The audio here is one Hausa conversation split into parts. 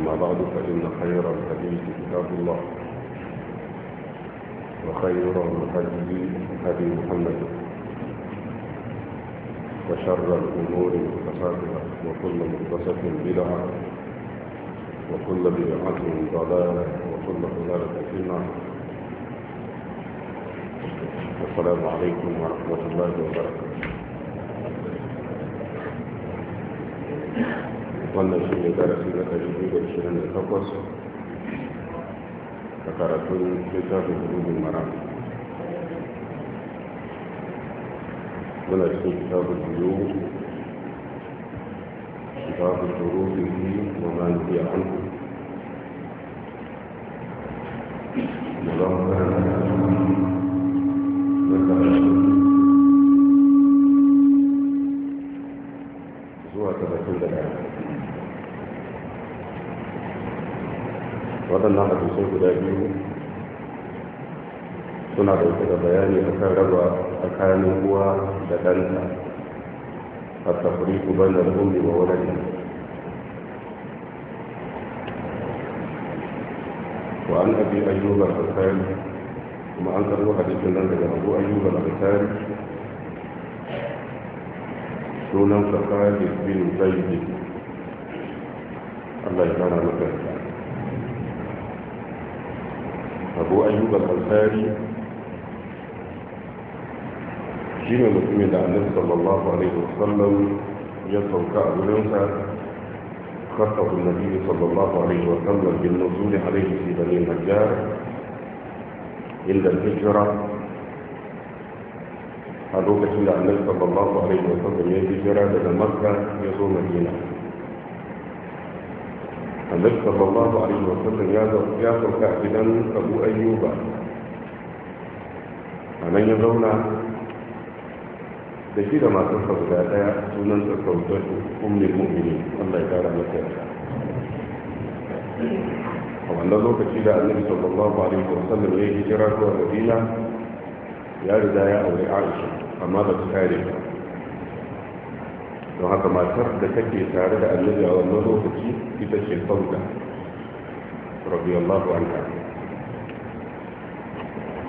أما بعد فإن خير الحديث كتاب الله وخير الهدي هدي محمد وشر الأمور محدثاتها وكل محدثة بدعة وكل بدعة ضلالة وكل ضلالة في النار السلام عليكم ورحمة الله وبركاته wannan shi ne darasi na ƙarfi da shirin da takwas a karatun littafin rubin mara muna cikin kitabun biyu kitabun rubin biyu da man biya an mu zama karanta da karatu waɗannan hadisai guda biyu suna ɗauke da bayani akan raba tsakanin uwa da ɗanta a tafriku kuban da ummi wa wadanda wa an abi ayyuba al-ansari kuma an karbo hadisin nan daga abu ayyuba al-ansari sunan sa khalid bin zaid Allah ya kara maka أبو أيوب الأنصاري جينا نسمي النبي صلى الله عليه وسلم يصل كأب لنسى خطط النبي صلى الله عليه وسلم بالنزول عليه في بني النجار إلى الهجرة هذا هو كتير عن النبي صلى الله عليه وسلم يجي جرى لدى مكة يصوم مدينه annabi sallallahu alaihi wa sallam ya sauka a gidan abu ayyuba a nan ya zauna da shi da matarsa guda daya sunan sa saudatu ummul mu'minin Allah ya kara mata yarda a wannan lokaci da annabi sallallahu alaihi wa sallam hijira zuwa Madina ya ya aure Aisha amma ta kare don haka matar da take tare da annabi a wannan lokaci ita ce fauda radiyallahu anha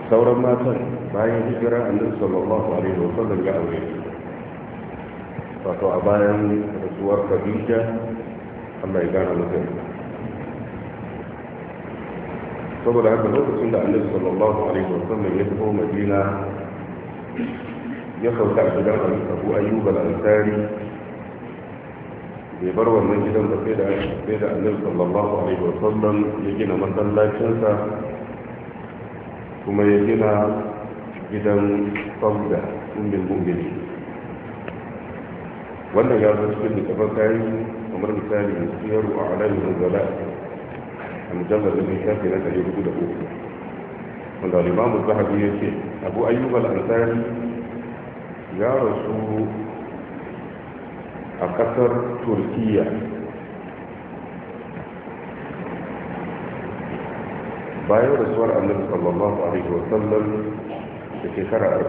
sauran matan bayan hijira annabi sallallahu alaihi wa sallam ya aure wato a bayan rasuwar khadija Allah ya gana mutum saboda haka lokacin da annabi sallallahu alaihi wa sallam ya tafi madina ya sauka a gidan abu ayyuba al-ansari bai bar wannan gidan da sai da sai da annabi sallallahu alaihi wasallam ya gina masallacinsa kuma ya gina gidan sabda ummul mu'minin wannan ya zo cikin littafin tarihi kamar misali siyaru a alamin zala a mujallar da mai shafi na ɗari hudu da uku wanda limamu zahabi ya ce abu ayyubal ansari ya rasu a kasar turkiya bayan rasuwar annabi sallallahu alaihi wasallam da shekara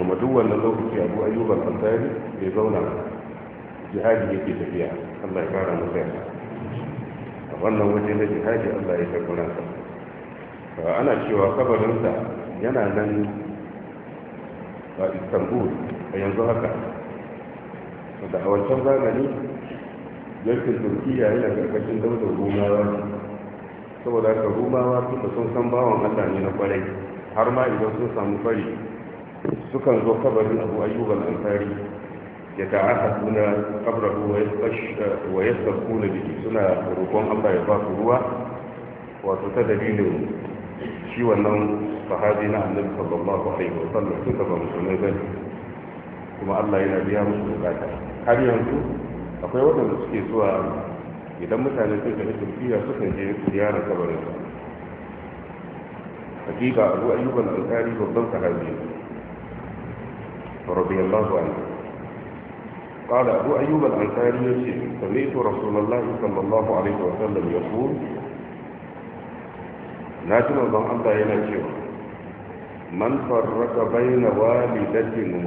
41 kuma duk wannan lokaci abu ayyuban ansari bai zauna jihadi yake tafiya allah ya kara masa yasa a wannan waje na jihadi allah ya karbi nasa ana cewa kabarinsa yana nan a istanbul a yanzu haka da a wancan zamani yankin turkiya yana karkashin daular rumawa saboda haka rumawa suka sun san bawan allah na kwarai har ma idan sun samu fari sukan zo kabarin abu ayyukan ansari ya ta'aka suna kabrahu wa sarku na biki suna roƙon allah ya ba su ruwa wato ta dalilin shi wannan sahabi na annabi sallallahu alaihi wasallam suka ba musulmai bane kuma Allah yana biya musu bukata har yanzu akwai waɗanda suke zuwa idan mutane sun tafi turkiya sukan je ziyara kabarin su hakika abu ayyukan alkari babban sahabi radiyallahu anhu قال أبو أيوب الأنصاري سمعت رسول الله صلى الله عليه وسلم يقول na ji manzon Allah yana cewa man farraka baina walidatin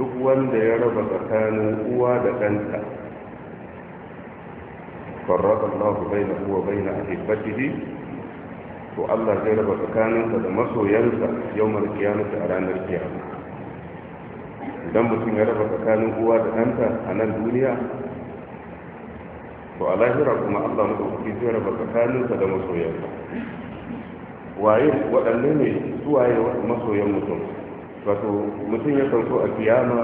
duk wanda ya raba tsakanin uwa da ɗanta farraka Allah baina huwa baina ahibbatihi to Allah zai raba tsakaninsa da masoyansa yau kiyamata a ranar kiyama idan mutum ya raba tsakanin uwa da ɗanta a nan duniya to a kuma Allah madaukaki zai raba tsakaninsa da masoyansa waye waɗanne ne suwaye masoyan mutum wato mutum ya sauko a kiyama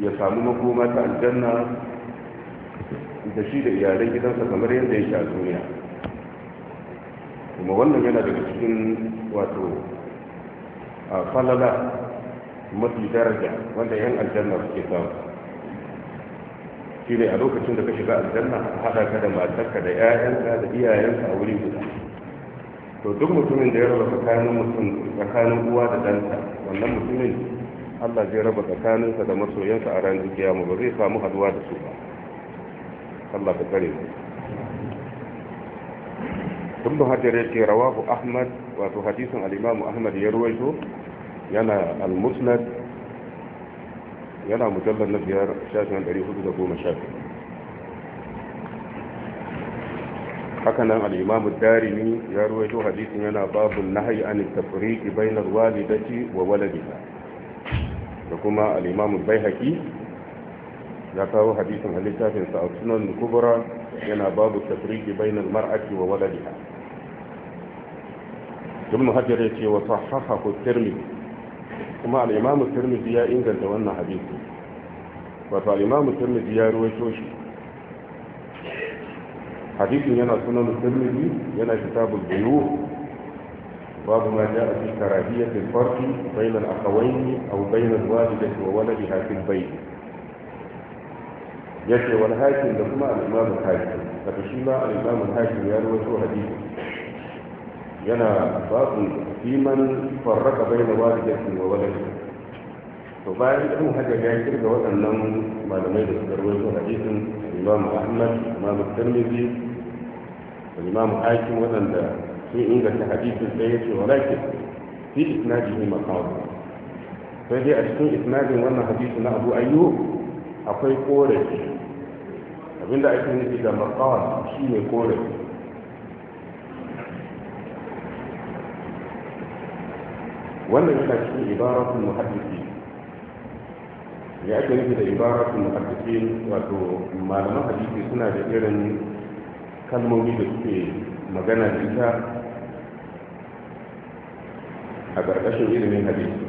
ya samu makoma ta aljanna da shi da iyalan gidansa kamar yadda ya sha duniya kuma wannan yana daga cikin wato a falala mafi daraja wanda yan aljanna suke samu shi ne a lokacin da ka shiga aljanna a haɗa ka da matarka da 'ya'yanka da iyayenka a wuri guda to duk mutumin da ya raba tsakanin mutum tsakanin uwa da danta wannan mutumin Allah zai raba tsakaninsa da masoyansa a ranar kiyama ba zai samu haduwa da su ba Allah ka kare mu tun da hajjar yake rawahu ahmad wato hadisin alimamu ahmad ya ruwaito yana al-musnad yana mujallar na biyar shafin 410 hakanan al'imamu darimi ya ruwa ruwaito hadisin yana babun nahayi an tafriki bainar walidati wa waladiha da kuma al'imamu haƙi ya kawo hadisin halittafin sa sunan kubra yana babu tafriki bainar mar'ati wa waladiha ibn hajar ya ce haka sahahahu tirmidhi kuma al'imamu tirmidhi ya inganta wannan hadisi wato al'imamu tirmidhi ya ruwaito shi حديث ينا سنن الترمذي ينا كتاب البيوع باب ما جاء في كراهية الفرق بين الأخوين أو بين الوالدة وولدها في البيت يكي والهاشم لكما الإمام الهاشم فتشيما الإمام الهاشم يروي شو حديث ينا باب في من فرق بين والدة وولدها فبعد أن هذا جاء كيف وزن ما لم يدرس حديث الإمام أحمد الإمام الترمذي والإمام حاكم وأن في عند حديث الزيت ولكن في إسناده مقال فهي أشكي إسناد وأن حديث أبو أيوب أقول قولك abinda ake nufi da makawa shi ne وأن wannan عبارة المحدثين ya ake nufi da ibaratu muhaddisin wato malaman hadisi suna da irin kalmomi da suke magana da ita a ƙarƙashin ilimin hadisi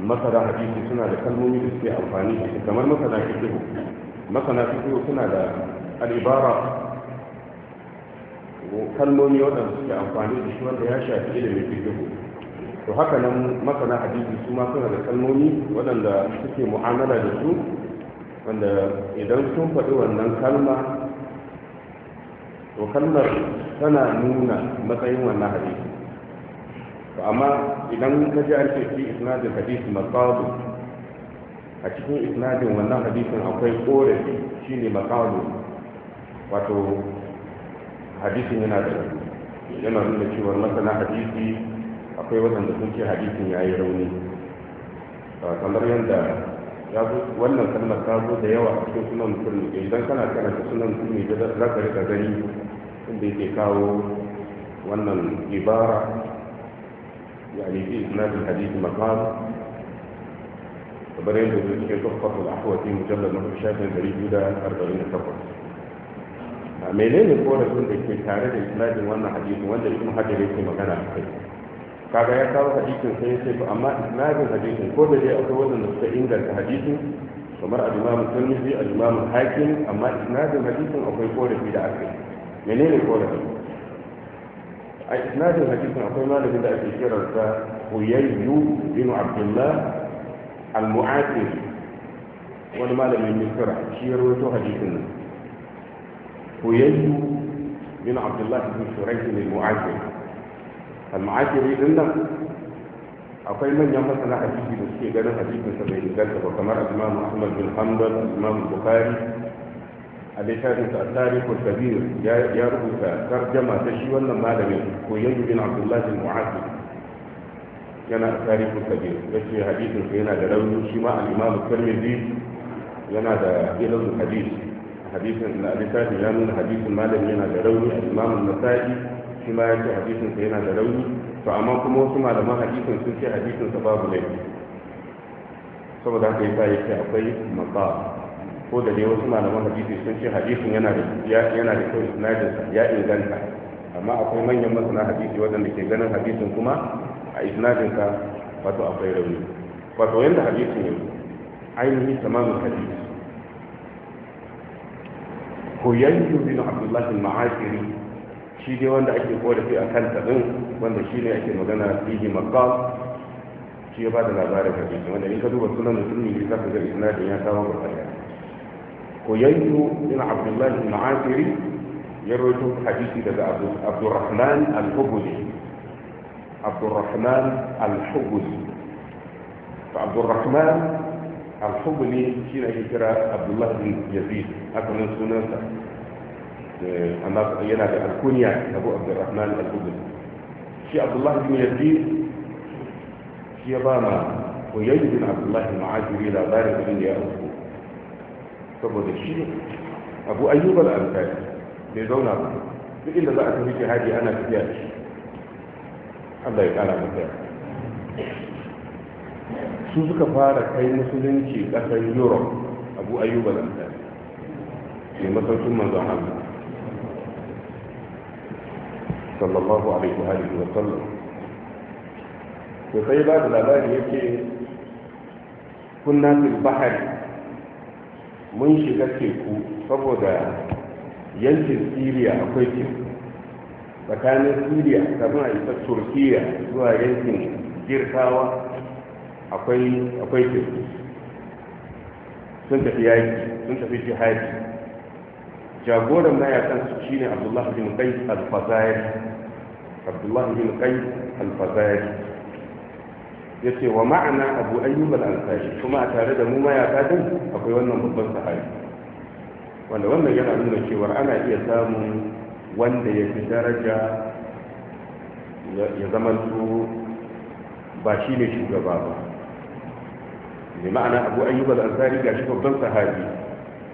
masana hadisi suna da kalmomi da suke amfani da ita kamar masana fikihu masana fikihu suna da al'ibara kalmomi waɗanda suke amfani da shi wanda ya shafi ilimin fikihu to haka nan masana hadisi su ma suna da kalmomi waɗanda suke mu'amala da su wanda idan sun faɗi wannan kalma to kalmar tana nuna matsayin wannan hadisi to amma idan ka ji an ce fi isnadin hadisi maqadu a cikin isnadin wannan hadisin akwai korafi shine maqadu wato hadisin yana da yana nuna cewar masana hadisi akwai waɗanda sun ce hadisin ya yi rauni kamar yadda ya zo wannan kalmar ta zo da yawa a cikin sunan musulmi idan kana karanta sunan musulmi za ka rika gani inda yake kawo wannan ibara ya ne يعني في إسناد الحديث مقام وبرين بذلك تحفظ الأحوة في مجلد نقل شاف بريد يدا أربعين فقط menene korafin da ke tare da isnadin wannan hadisi wanda shi hajar yake magana a kai kaga ya kawo hadisin sai sai ce to amma isnadin hadisin ko da dai wannan da suka inganta hadisin kamar al-imam tirmidhi al-imam hakim amma isnadin hadisin akwai korafi da aka yi menene korafi a isnadin hadisin akwai malamin da ake kira sa huyayyu bin abdullah al muathir wani malamin ne kira shi ya rawaito hadisin nan huyayyu bin abdullah bin shuraihin bin Mu'athir al-mu'ashiri din nan akwai manyan masana hadisi da suke ganin hadisin sa bai inganta ba kamar Imam Ahmad bin Hanbal Imam Bukhari a littafin sa Tarihu Kabir ya rubuta tarjama ta shi wannan malamin ko Yazid bin Abdullah al-Mu'ashir yana Tarihu Kabir yace hadisin sa yana da rauni shi ma al-Imam Tirmidhi yana da ilmin hadisi hadisin da littafin ya nuna hadisin malamin yana da rauni al-Imam Nasa'i shi ma ya ce hadisin sa yana da rauni to amma kuma wasu malaman hadisin sun ce hadisin sa babu laifi saboda haka yasa yake akwai maqam ko da dai wasu malaman hadisi sun ce hadisin yana da yana da kyau isnadin sa ya inganta amma akwai manyan masana hadisi waɗanda ke ganin hadisin kuma a isnadin sa wato akwai rauni wato yanda hadisin yake ainihi tamamin hadisi huyayyu bin abdullahi al-ma'asiri shi dai wanda ake fi a kan tabin wanda shi ne ake magana fihi makal shi ya ba da labarin hadisi wanda in ka duba sunan musulmi ne zaka ga isnadin ya kawo ga faya ko yanzu ina abdullahi ibn asiri ya rawaito hadisi daga abdurrahman al-hubuzi abdurrahman al-hubuzi fa abdurrahman al-hubuzi shi ne ake kira abdullahi ibn yazid asalin sunansa Eh, yana da alkuniya abu abdurrahman al-hudu shi abdullahi bin yazid shi ya ba ma koyayi bin abdullahi ma'ajiri labarin da ya auku saboda shi abu ayyuba da alkali bai zauna ba duk inda za a tafi jihadi ana tafiya da shi allah ya kara masa su suka fara kai musulunci kasar europe abu ayyuba da alkali ne masaukin manzon allah sallallahu alaihi wa alihi wa sallam to sai ba da labari yake kunna fil bahari mun shiga teku saboda yankin syria akwai teku tsakanin syria kafin a isa turkiya zuwa yankin girkawa akwai teku sun tafi yaki sun tafi jihadi jagoran mayakan su shine abdullahi bin qais al-fazairi abdullahi bin qais al-fazari ce wa ma'ana abu ayyub al-ansari kuma a tare da mu mayaka din akwai wannan babban sahabi wanda wannan yana nuna cewa ana iya samun wanda ya fi daraja ya zama su ba shi ne shugaba ba ne ma'ana abu ayyub al-ansari ga shi babban sahabi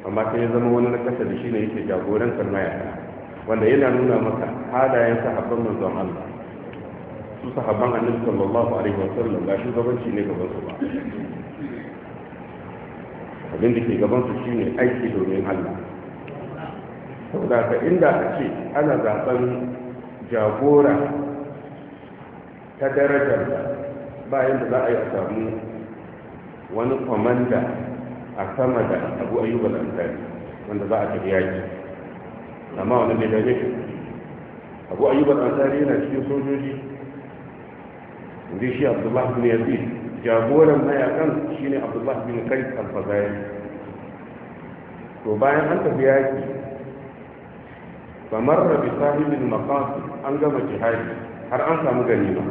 amma sai ya zama wani na kasa da shi ne yake jagorantar mayaka wanda yana nuna maka halayen sahabban manzon Allah su sahabban annabi sallallahu alaihi wasallam ba shugabanci ne gaban su ba abin da ke gaban su shine aiki domin Allah saboda ka inda a ce ana zaben jagora ta darajar ba da za a yi a samu wani kwamanda a sama da abu ayyuban ansari wanda za a tafi yaki amma wani ne dame shi abu ayyuban ansari yana cikin sojoji inda shi abdullahi bin yazid jagoran mayakan shi ne abdullahi bin kais al-fazari to bayan an tafi yaki famarra bi sahibin maqasi an gama jihadi har an samu ganima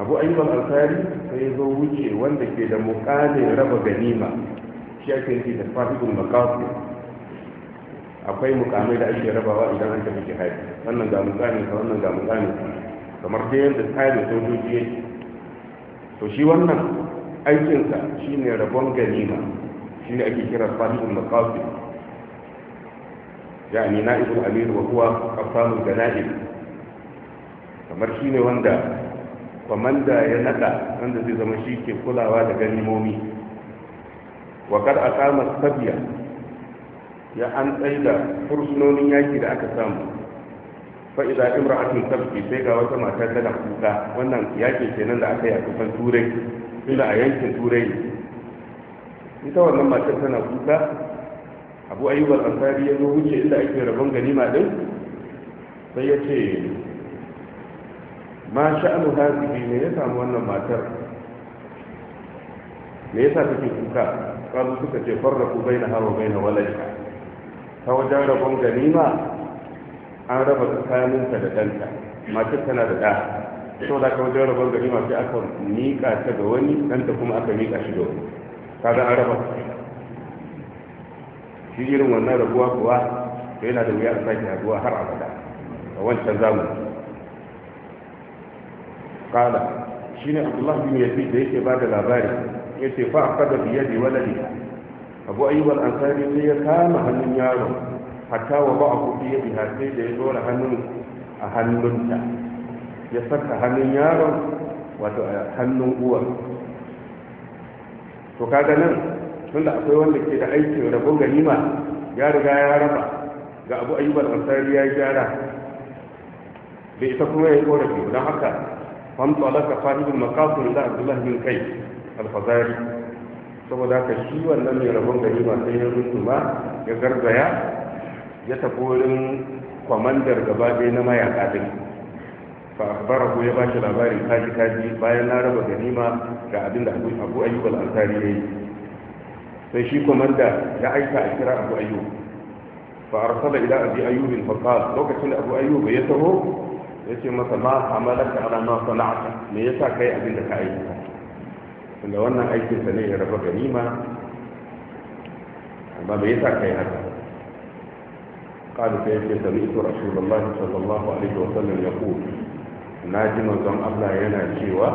abu ayyuban ansari sai zo wuce wanda ke da mukamin raba ganima shi ake nufi da sahibin maqasi akwai mukamai da ake rabawa idan an tafi jihadi wannan ga mukamai ka wannan ga mukamai kamar dai yadda tsarin sojoji yake to shi wannan aikinsa shi ne rabon ganima shi ne ake kira ya ne na na'ibul amir wa huwa qasamul ganaib kamar shi ne wanda kwamanda ya nada wanda zai zama shi ke kulawa da ganimomi wa a samun tabiya ya an tsaida fursunonin yaki da aka samu fa'iza imra'atun tabki sai ga wata mata da kuka wannan yakin kenan da aka yi a kusan turai tunda a yankin turai ita wannan matar tana kuka abu ayyub al-ansari ya zo wuce inda ake rabon ganima din sai ya ce ma sha'anu hazibi ne ya samu wannan matar me yasa take kuka kazu suka ce na haro bai na walajka ta wajen rabon ganima an raba tsakaninta da danta matar tana da ɗa so da ka wajen rabon ganima sai aka miƙa ta ga wani danta kuma aka miƙa shi da wani kaga an raba shi irin wannan rabuwa kuwa to yana da wuya a sake rabuwa har abada a wancan zamani kala shine abdullahi bin yazid da yake ba da labari yace fa aqada bi yadi waladiha abu ayyuban ansari sai ya kama hannun yaro hatta wa ba a kuɗi ya biya sai da ya dora hannun a hannunta ya saka hannun yaron wato a hannun uwar to kaga nan tunda akwai wanda ke da aikin rabon ganima ya riga ya raba ga abu ayyuban ansari ya gyara da ita kuma ya yi korafi don haka famtsalaka fahimul makasun da abdullahi bin kai alfazari saboda ka shi wannan mai rabon gari ba sai ya rusuma ya garzaya ya tafi wurin kwamandar gaba ɗaya na mayaka din fa abu ya bashi labarin kaji kaji bayan na raba ganima ga abin da Abu Ayyub al-Ansari ne. sai shi kwamanda ya aika a kira Abu Ayyub fa arsala ila Abi Ayyub bin qala lokacin Abu Ayyub ya taho ya ce masa ma hamalaka ala ma sana'a me yasa kai abin da ka aika tunda wannan aikinsa ne ya raba ganima amma me yasa kai haka قال سيدي سمعت رسول الله صلى الله عليه وسلم يقول ناجم زم الله ينا شيوا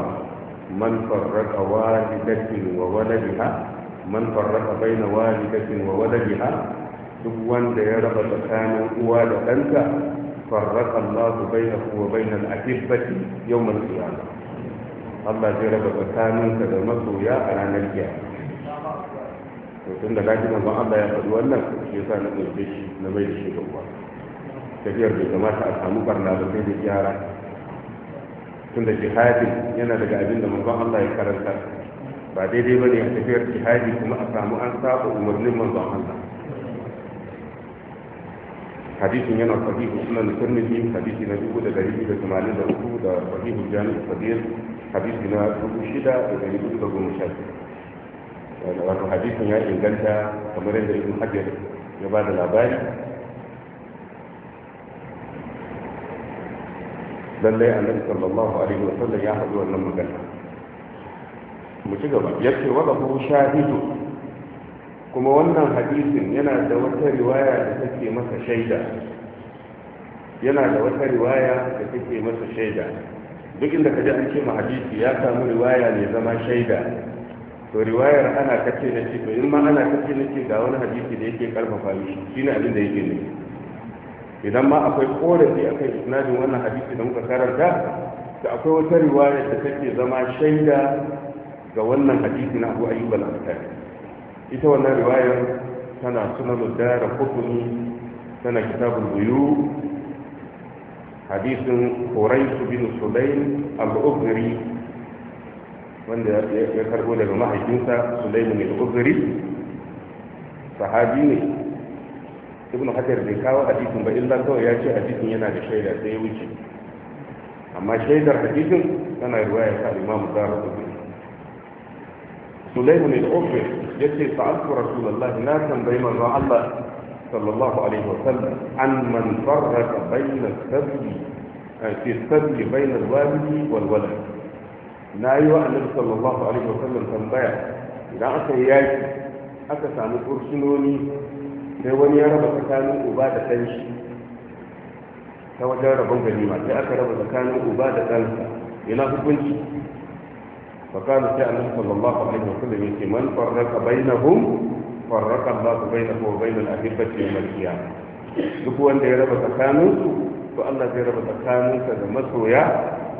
من فرق والدة وولدها من فرق بين والدة وولدها duk wanda ya raba tsakanin uwa da ɗanta farraka Allah bainahu wa bainal yau yawmal qiyamah Allah zai raba ka da masoya a ranar giya to tun da gaji manzon Allah ya faɗi wannan shi yasa na ɗauke shi na mai da shi gaba tafiyar bai kamata a samu barna da sai da gyara tun da jihadi yana daga abin da manzon Allah ya karanta ba daidai ba ne a tafiyar jihadi kuma a samu an saba umarnin manzon Allah hadisin yana sahihu sunan tirmidhi hadisi na dubu da dari da tamanin da uku da sahihu jami'u fadil hadisi na dubu shida da dari hudu da goma sha biyu wato hadisin ya inganta kamar yadda ibn hajar ya ba da labari lallai annabi sallallahu alaihi wasallam ya haɗu wannan magana mu ci gaba ce wa lahu shahidu kuma wannan hadisin yana da wata riwaya da take masa shaida yana da wata riwaya da take masa shaida duk inda ka ji an ce hadisi ya samu riwaya ne zama shaida to riwayar ana kace na ce to in ma ana kace na ce ga wani hadisi da yake karfafa shi shine abin da yake ne idan ma akwai korafi akan isnadin wannan hadisi da muka karanta to akwai wata riwaya da take zama shaida ga wannan hadisi na Abu Ayyub al-Ansari ita wannan riwayar tana sunan da Qutni tana kitabul buyu hadisin horaisu bin sulaim al-ughri wanda ya karbo daga mahaifinsa sulaimu ne al-ughri sahabi ne ibn hajar bai kawo hadisin ba illa kawai ya ce hadisin yana da shaida sai ya wuce amma shaidar hadisin tana riwaya ta imamu zarar sulaimu ne al-ughri yace sa'altu rasulullahi na tambayi manzon Allah صلى الله عليه وسلم عن من فرق بين السبي آه، في السبي بين الوالد والولد لا يوأن أيوة، صلى الله عليه وسلم تنبيع إذا أتى ياجي أتى سامي فرسلوني لون يرى بكتان أبادة تنشي سوى جارة بنجني ما جاء كرى بكتان أبادة تنشي إلى فرسلوني فقال جاء صلى الله عليه وسلم من فرق بينهم farraka Allah bainahu wa bainal ahibbati yawm duk wanda ya raba su to Allah zai raba tsakaninsa da masoya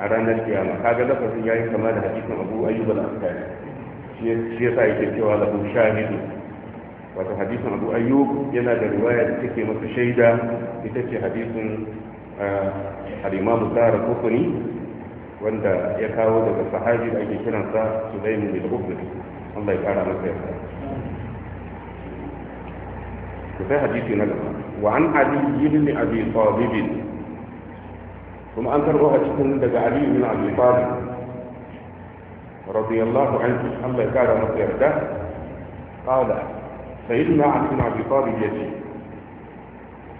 a ranar kiyama kaga lafazin yayi kama da hadisin Abu Ayyub al-Ansari shi yasa yake cewa bu shahidu wato hadisin Abu Ayyub yana da riwaya da take masa shaida ita ce hadisin ah, al-Imam Zahra Kufni wanda ya kawo daga sahabi da ake kiransa Sulaiman bin Ubud Allah ya kara masa yarda في حديث نجم وعن علي بن أبي طالب ثم أنت روح تكون لدى علي بن أبي طالب رضي الله عنه الله يكاد مسيرته قال سيدنا علي بن أبي طالب يجي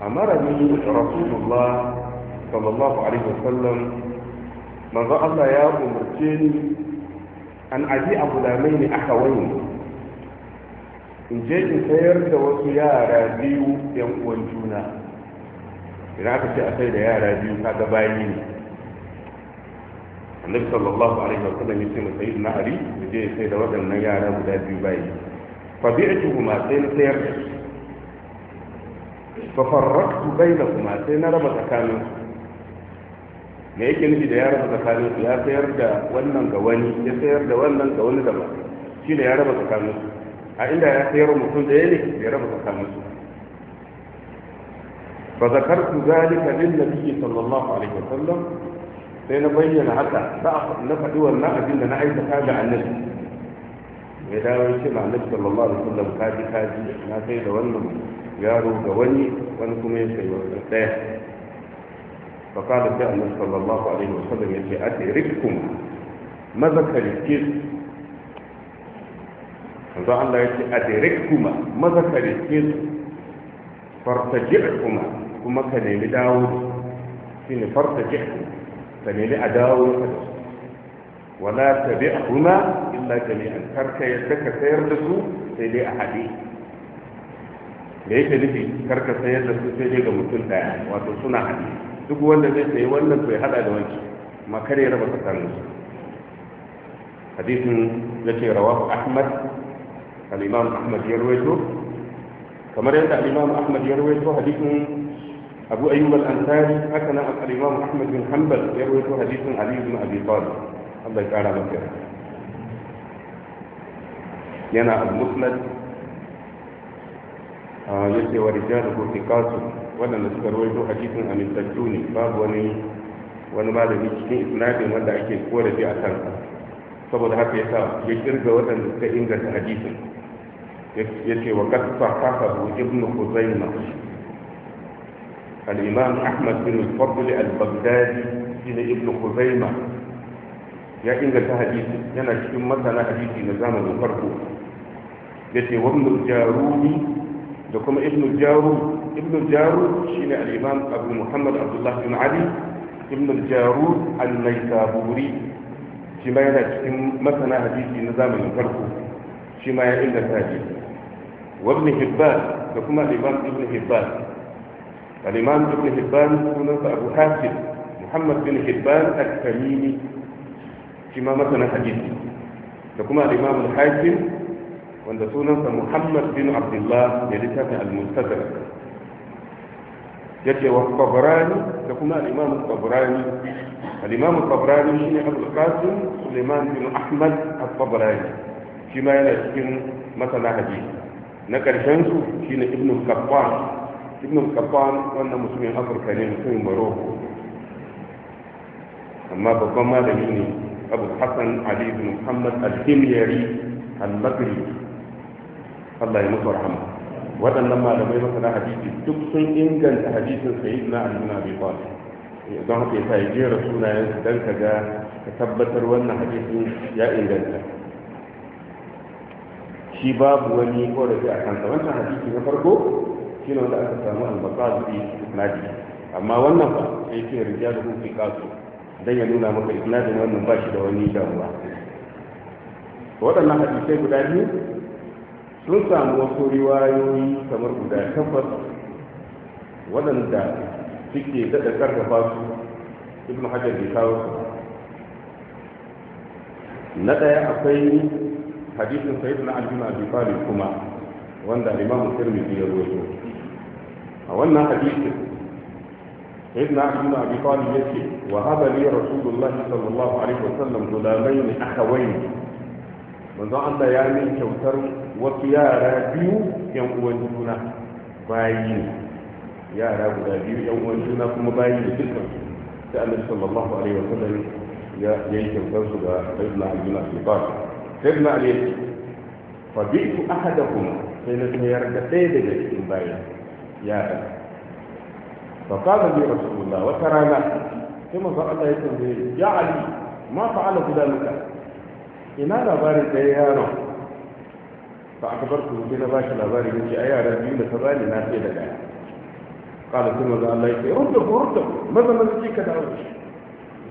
أمرني رسول الله صلى الله عليه وسلم من رأى الله يا أمرتني أن أجيء غلامين أخوين in je in sayar da wasu yara biyu yan uwan juna idan aka ce a sai da yara biyu ka ga bayi ne annabi sallallahu alaihi wa sallam ce mu sayi na ari mu je sai da waɗannan yara guda biyu bayi fa bi'tuhuma sai na sayar da su fa farraqtu kuma sai na raba tsakanin su me yake nufi da ya raba tsakanin su ya sayar da wannan ga wani ya sayar da wannan ga wani daban shi da ya raba tsakanin su فذكرت ذلك للنبي صلى الله عليه وسلم سينبين حتى نفعل والنعز إننا عايز هذا عن النبي إذا وجه مع النبي صلى الله عليه وسلم كادي كادي ما سيد ونم يارو دواني وانكم يسير ونفتاه فقال النبي صلى الله عليه وسلم يسير أتي ربكم ماذا كالكير yanzu Allah ya ce a direk kuma maza ka rike su fartaji kuma kuma ka nemi dawo shi ne kuma ka nemi a dawo ka da su wala ta bi a kuma illa jami'an karka yadda ka sayar da su sai dai a haɗe da yake nufi karka sayar da su sai dai ga mutum ɗaya wato suna haɗe duk wanda zai sayi wannan bai ya haɗa da wanki ma kare raba su. hadisin ya rawa rawahu ahmad al-imam ahmad ya rawaito kamar yadda al-imam ahmad ya rawaito hadisin abu ayyub al-ansari haka nan al-imam ahmad bin hanbal ya rawaito hadisin ali bin abi talib Allah ya kara masa yana al-musnad yace wa rijaluhu thiqatu wadanda suka rawaito hadisin amin tajuni babu wani wani malami cikin isnadin wanda ake korafi a kansa saboda haka yasa ya kirga waɗanda suka inganta hadisin yace wa qad sahahu ibn khuzaimah al-imam ahmad bin al-fadl al-baghdadi shine ibn khuzaimah ya inganta hadisi yana cikin masana hadisi na zamanin farko yace wa ibn jarumi da kuma ibn jaru ibn jaru shine al-imam abu muhammad abdullah bin ali ibn jaru al-naisaburi shi ma yana cikin masana hadisi na zamanin farko shi ma ya inganta hadisi wabni hibban da kuma al'imam ibn hibban al'imam ibn hibban sunansa abu hafiz muhammad bin hibban al-tamimi shi ma masana hadisi da kuma al'imam al-hakim wanda sunansa muhammad bin abdullah ya littafin al-mustadrak yace wa qabrani da kuma al-imam al-qabrani الإمام الطبراني شيني أبو القاسم سليمان بن أحمد الطبراني فيما يلتكن مثلا هذه نكر شنسو شين ابن القطان ابن القطان وانا مسلمين أفريقيا كريم مسلمين مروكو أما بقما هذا أبو الحسن علي بن محمد الهمياري المقري الله يمسه رحمه waɗannan malamai masana hadisi duk إن inganta hadisin سيدنا ali bin أبي طالب don haka yasa ya jera sunayen su ka kaga ka tabbatar wannan hadisin ya inganta shi babu wani korafi a kansa wancan hadisi na farko shi ne wanda aka samu albaqasu fi isnadi amma wannan ba sai ce rijalu fi qasu don ya nuna maka isnadin wannan ba shi da wani damuwa waɗannan hadisai guda biyu sun samu wasu riwayoyi kamar guda takwas waɗanda suke daɗa ƙarfafa su ibn hajar bai kawo su na ɗaya akwai hadisin sayyid na aljun abi talib kuma wanda imam tirmidhi ya rawaito a wannan hadisin sayyid na aljun abi talib yace wa hada li rasulullahi sallallahu alaihi wasallam ne, gulamaini akhawaini manzon Allah ya min kyautar wasu yara biyu yan uwan juna bayi ne yara guda biyu yan uwan juna kuma bayi da dukkan sai annabi sallallahu alaihi wasallam ya yi kyautar su ga sayyidina ali bin abi talib sayyidina ali fa bi'tu ahadakum sai na sayar da ɗaya daga cikin bayan yara fa qala li rasulullah wa tarana sai manzo Allah ya tambaye ya ali ma fa'ala gudanuka ina labarin ɗaya yaron fa akabartu sai na bashi labarin yace ai yaran biyu da ta bani na sai da ɗaya قال ثم ذا الله يقول رده رده ماذا ما نجيك دعوش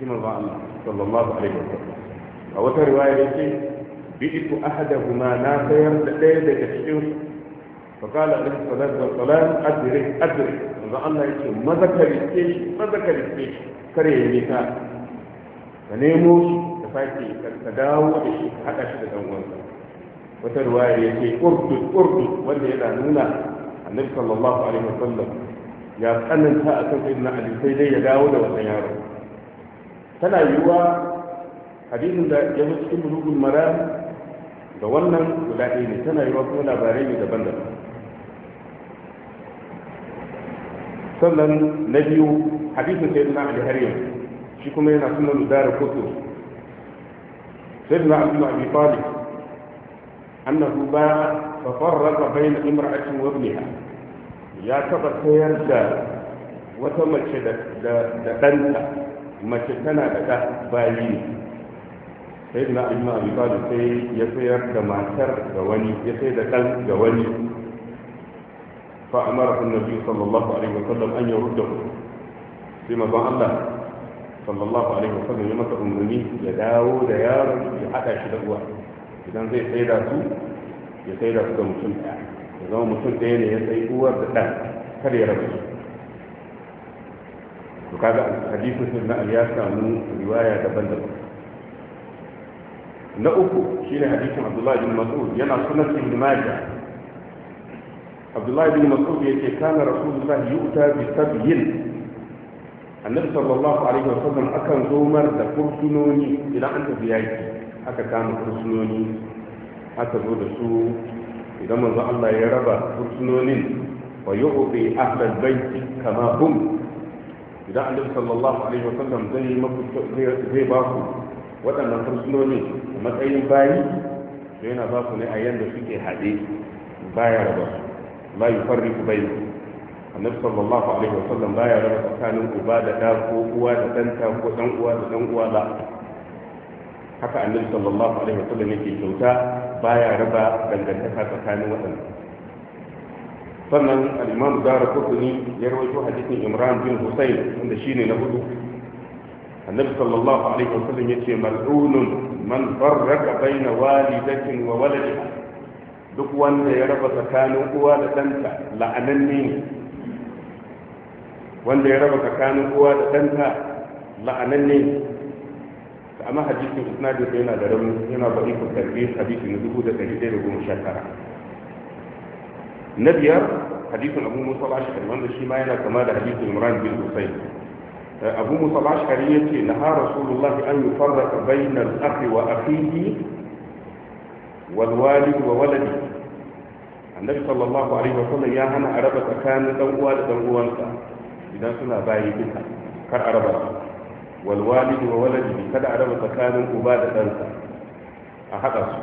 ثم ذا الله صلى الله عليه وسلم أو رواية يقول بئت أحدهما نافير لديك الشيوخ فقال عليه الصلاة والسلام أدرك أدرك ذا الله يقول ما ذكر الشيش ما ذكر الشيش كريه مثال فنيمو da sake ka dawo da shi ka haɗa shi da ɗan uwansa wata ruwaya ya ce urdud urdud wanda yana nuna annabi sallallahu alaihi wasallam ya tsananta a kan sayyidina ali sai dai ya dawo da wannan yaro tana yiwuwa hadisin da ya zo cikin bulugul maram da wannan guda ɗaya ne tana yiwuwa kuma labarai ne daban-daban sannan na biyu hadisin sayyidina ali har yanzu shi kuma yana sunan dara kotu سيدنا عبد الله بن طالب أنه باع ففرق بين امرأة وابنها ya taba koyar da wata mace da ɗanta mace tana da ɗa bayi ne sai na abin abu da sai ya sayar da matar ga wani ya sai da ɗan ga wani fa amara na biyu sallallahu alaihi wa sallam an yi rudda sai mazan allah sallallahu alaihi wa sallam ya masa umarni ya dawo da yaron ya haɗa shi da uwa idan zai sai da su ya sai da su ga mutum ɗaya ya zama mutum ɗaya ne ya sai uwar da ɗan kar ya rabu to kaga hadisin sun na ya samu riwaya daban-daban na uku shine hadisin abdullahi bin mas'ud yana sunan ibn majah abdullahi bin mas'ud yace kana rasulullah yu'ta bi sabyin annabi sallallahu alaihi wasallam akan zomar da kursunoni idan an tafi yaki aka kama kursunoni aka zo da su idan manzo Allah ya raba fursunonin wa yu'ti ahlal baiti kama hum idan annabi sallallahu alaihi wasallam zai yi maku zai ba ku waɗannan fursunonin a matsayin bayi to yana ba ku ne a yanda suke haɗe baya raba la yufarriqu bainahum annabi sallallahu alaihi wasallam baya raba tsakanin uba da ɗa ko uwa da ɗanta ko ɗan uwa da ɗan uwa ba haka annabi sallallahu alaihi wasallam yake kyauta baya raba dangantaka tsakanin waɗanda sannan al-imam zara kutuni ya rawaito hadisin imran bin husayn wanda shine na hudu annabi sallallahu alaihi wasallam yace mal'unun man farraqa baina walidatin wa waladiha duk wanda ya raba tsakanin uwa da danta la'ananne ne wanda ya raba tsakanin uwa da ɗanta la'ananne ne amma hadisin isnadin sa yana da rauni yana bari ku tarbi hadisi na dubu da ɗari ɗaya da goma sha tara na biyar hadisin abu musa al-ashari wanda shi ma yana kama da hadisin imran bin husayn abu musa al-ashari yace naha rasulullahi an yufarraqa bayna al-akhi wa akhihi wal walid wa waladi annabi sallallahu alaihi wa sallam ya hana araba tsakanin dan uwa da dan uwansa idan suna bayi duka kar araba wal wa waladihi kada a raba tsakanin uba da ɗansa a haɗa su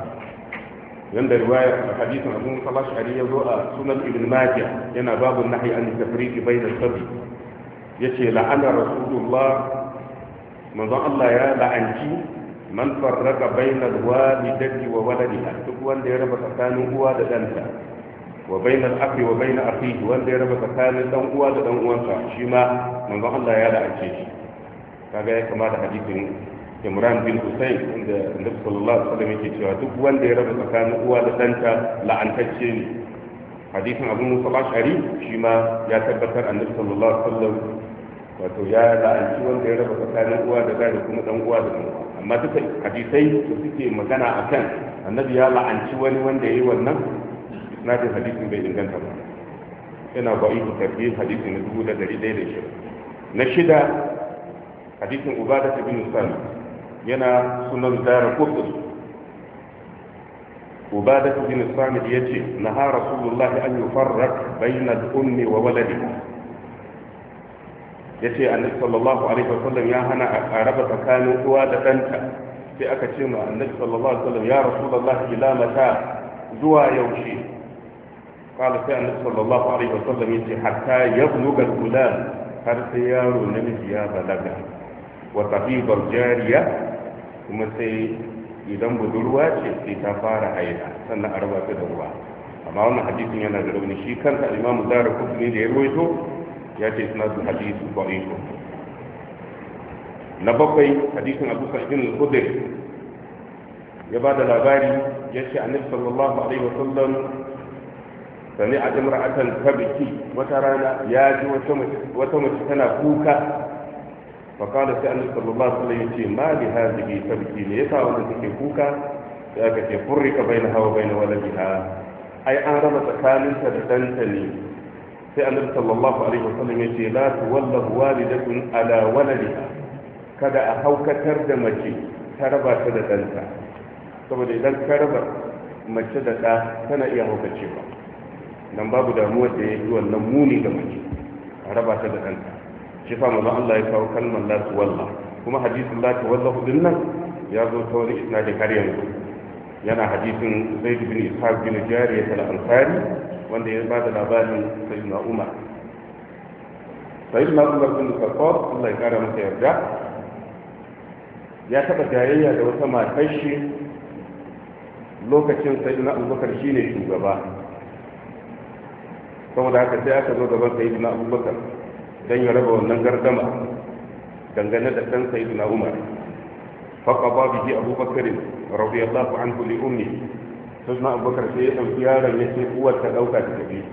yanda riwayar hadisin abun salashari ya zo a sunan ibn majah yana babu nahi an bai da sabi yace la'ana rasulullah manzon Allah ya la'anci man farraga bai na ruwa bayna dadi wa a duk wanda ya raba tsakanin uwa da ɗanta wa bai na abi wa bayna akhihi wanda ya raba tsakanin dan uwa da dan uwansa shi ma manzon Allah ya la'ance shi kaga ya kama da hadisin imran bin hussein inda annabi sallallahu alaihi wasallam yake cewa duk wanda ya raba tsakanin uwa da danta la'antacce ne hadisin abu musa bashari shi ma ya tabbatar annabi sallallahu alaihi wasallam wato ya la'anci wanda ya raba tsakanin uwa da da kuma dan uwa da dan amma duka hadisai da suke magana akan annabi ya la'anci wani wanda ya yi wannan isnadin hadisin bai inganta ba yana ba'i ta tarbi hadisin na dubu da dari ɗaya da shida. na shida hadisin ubada ta bin sami yana sunan dara kudus ubada ta bin sami ya ce na ha rasulullahi an yi farrak bainal ummi wa waladi ya ce annabi sallallahu alaihi wasallam ya hana a raba tsakanin uwa da ɗanta sai aka ce ma annabi sallallahu alaihi wasallam ya rasulullahi ila mata zuwa yaushe قال فعلا صلى الله عليه وسلم حتى يبلغ الغلام هل سيار النبي يا بلغه wa tafibar jariya kuma sai idan budurwa ce sai ta fara haida sannan a raba ta da ruwa amma wannan hadisin yana da rauni shi kansa imam zara kusuri da ya ruwaito ya ce suna su hadisu ba iko na bakwai hadisin abu sa'idin al-khudri ya ba da labari ya ce annabi sallallahu alaihi wasallam sani a jimra'atan tabiki wata rana ya ji wata mace tana kuka فقال سأل صلى الله عليه وسلم ما لهذه تبكي ليسا ولدك كوكا ذاك فرق بينها وبين ولدها أي أن رمى تكالن تتنتني سأل صلى الله عليه وسلم يقول لا توله والدة على ولدها kada a haukatar da mace ta da saboda idan ka raba mace da ɗa tana iya haukacewa nan babu damuwar da ya yi wannan muni ga mace a raba ta da ɗanta shi fa manzo Allah ya kawo kalmar la tuwalla kuma hadisin la tuwalla din nan ya zo ta wani da har yanzu yana hadisin Zaid bin Ishaq bin Jariyah al-Ansari wanda ya ba da labarin na Umar na Umar bin Khattab Allah ya kara masa yarda ya taɓa jayayya da wata matar shi lokacin sayyidina abubakar shine shugaba saboda haka sai aka zo gaban na umar Dan ya raba wannan gardama dangane da ɗan sayidu Umar. umar faƙaɓa biki abubakar radiyallahu anhu li ummi sun abubakar sai ya ɗauki yaron ya ce uwar ta ɗauka ta tafi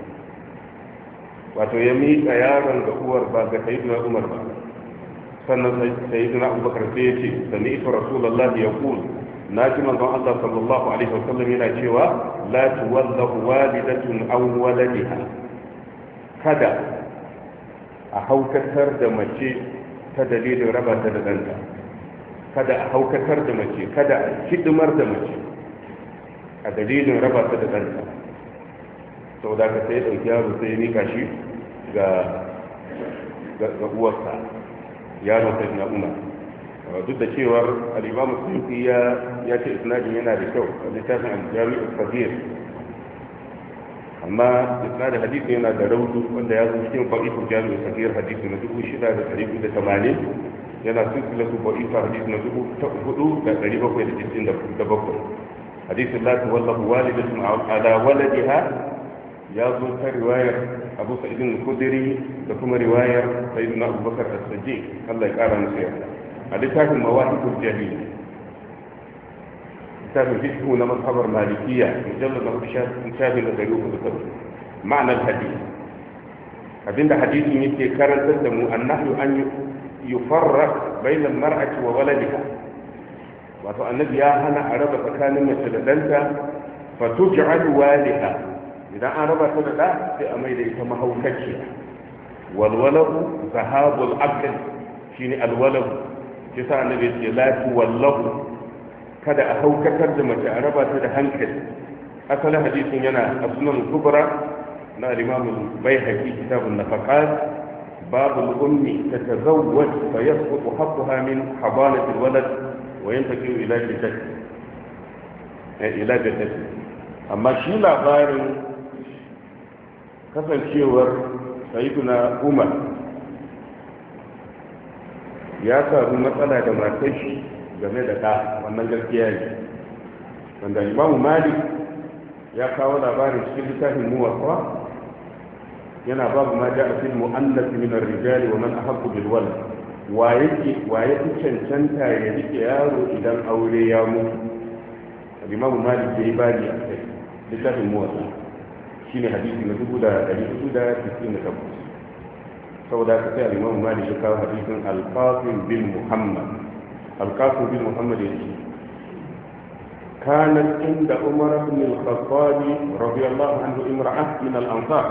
wato ya miƙa yaron ga uwar ba ga sayidu umar ba sannan sayidu na abubakar sai ya ce sami ita rasulallah ya kulu na ji manzon Allah sallallahu alaihi wa sallam yana cewa la tuwallahu walidatun aw waladiha kada a haukatar da mace ta dalilin raba ta da ɗanta kada a haukatar da mace kada a hidimar da mace a dalilin raba ta da ɗanta sau da ka sai ɗauki yaro sai ka shi ga uwarsa yaro sai na umar duk da cewar sun fi ya ce isnadin yana da kyau a littafin aljami'ar fadiyar amma da hadisi yana da raudu wanda ya zo cikin ba'ifu jami'u sahih hadisi na dubu shida da ɗari da tamanin yana sun silsilatu ba'ifu hadisi na dubu hudu da ɗari bakwai da cikin da bakwai hadisin lati da suna ala waladiha ya zo ta riwayar abu sa'idin kudiri da kuma riwayar na abubakar da sajji Allah ya kara musu yarda a littafin mawahibul jahili كتاب الفقه ولا مذهب المالكيه مجلد ابو شاف كتاب الغيوب بالضبط معنى الحديث أبين ده حديث يمكن كارن تسمى أنه أن يفرق بين المرأة وولدها وأن يا هنا عرب فكان مثل فتجعل والها إذا عرب فلا في أميل يسمها وكشها والولد ذهاب العقل شيني الولد جسع النبي لا تولده kada a haukatar da mace a raba ta da hankali asalin hadisin yana asunan kubra na limamin bai haƙi kitabun na faƙar babu al'ummi ta ta zauwar ta ya suku haƙuha min habanatin walad wa yin taƙi ila da eh, amma shi labarin kasancewar na umar ya samu matsala da matashi game da ta wannan gaskiya ne wanda imamu malik ya kawo labarin cikin littafin muwafa yana babu ma fil mu'annas min ar-rijali wa man ahabbu bil walad wa yake wa yake cancanta ya rike yaro idan aure ya mutu imamu malik bani a kai littafin muwafa shine hadisi na dubu da dari hudu da da saboda haka sai imamu malik ya kawo hadisin al-qasim bin muhammad القاسم بن محمد كانت عند عمر بن الخطاب رضي الله عنه امرأة من الأنصار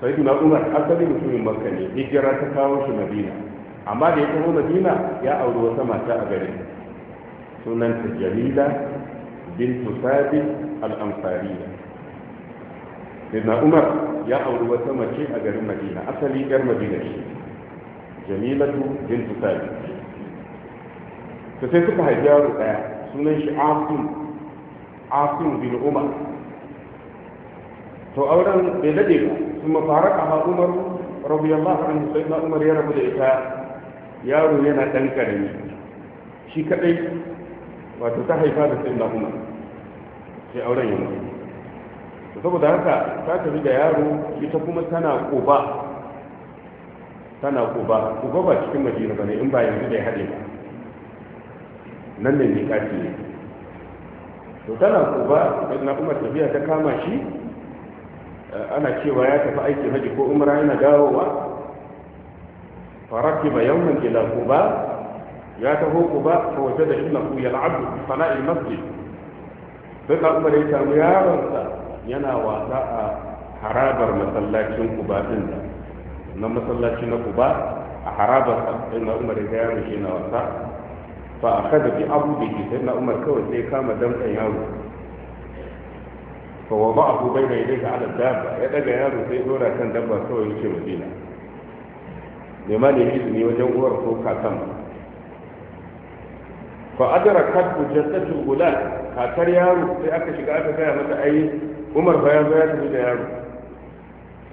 سيدنا عمر أصلي مسلم مكة هجرة تكاوش مدينة أما يقول مدينة يا أولو شاء تأبرين سننت جميلة بنت ثابت الأنصارية سيدنا عمر يا أول سما شيء أجر مدينة أصلي غير مدينة جميلة بنت ثابت ta sai suka haifi yaro daya sunan shi asim asim bin umar to auren bai dade ba kuma faraka ma umar radiyallahu anhu sai na umar ya rabu da ita yaro yana dan karami shi kadai wato ta haifa da sai na umar sai auren ya mutu saboda haka ta tafi da yaro ita kuma tana koba tana koba koba ba cikin ba bane in ba yanzu bai haɗe ba nan ne miƙati ne to tana kuba idan na umar tafiya ta kama shi eh, ana cewa ya tafi aiki haji ko umra yana dawowa faraki ba yawman ila kuba ya taho kuba ta waje da innahu yal'abu fi sana'il masjid sai ka umar ya samu yaronsa yana wasa a harabar masallacin kuba din nan masallaci na kuba a harabar sai na umar ya yaron shi na wasa fa kada bi abu abdihi na umar kawai sai kama damkan yaro fa wada'ahu bayna yadayhi ala dabba ya daga yaro sai dora kan dabba kawai yake madina bai ma ne izini wajen uwar ko kakan ba fa adara kaddu jaddatu gulan kakar yaro sai aka shiga aka gaya mata ai umar fa ya zo ya tafi da yaro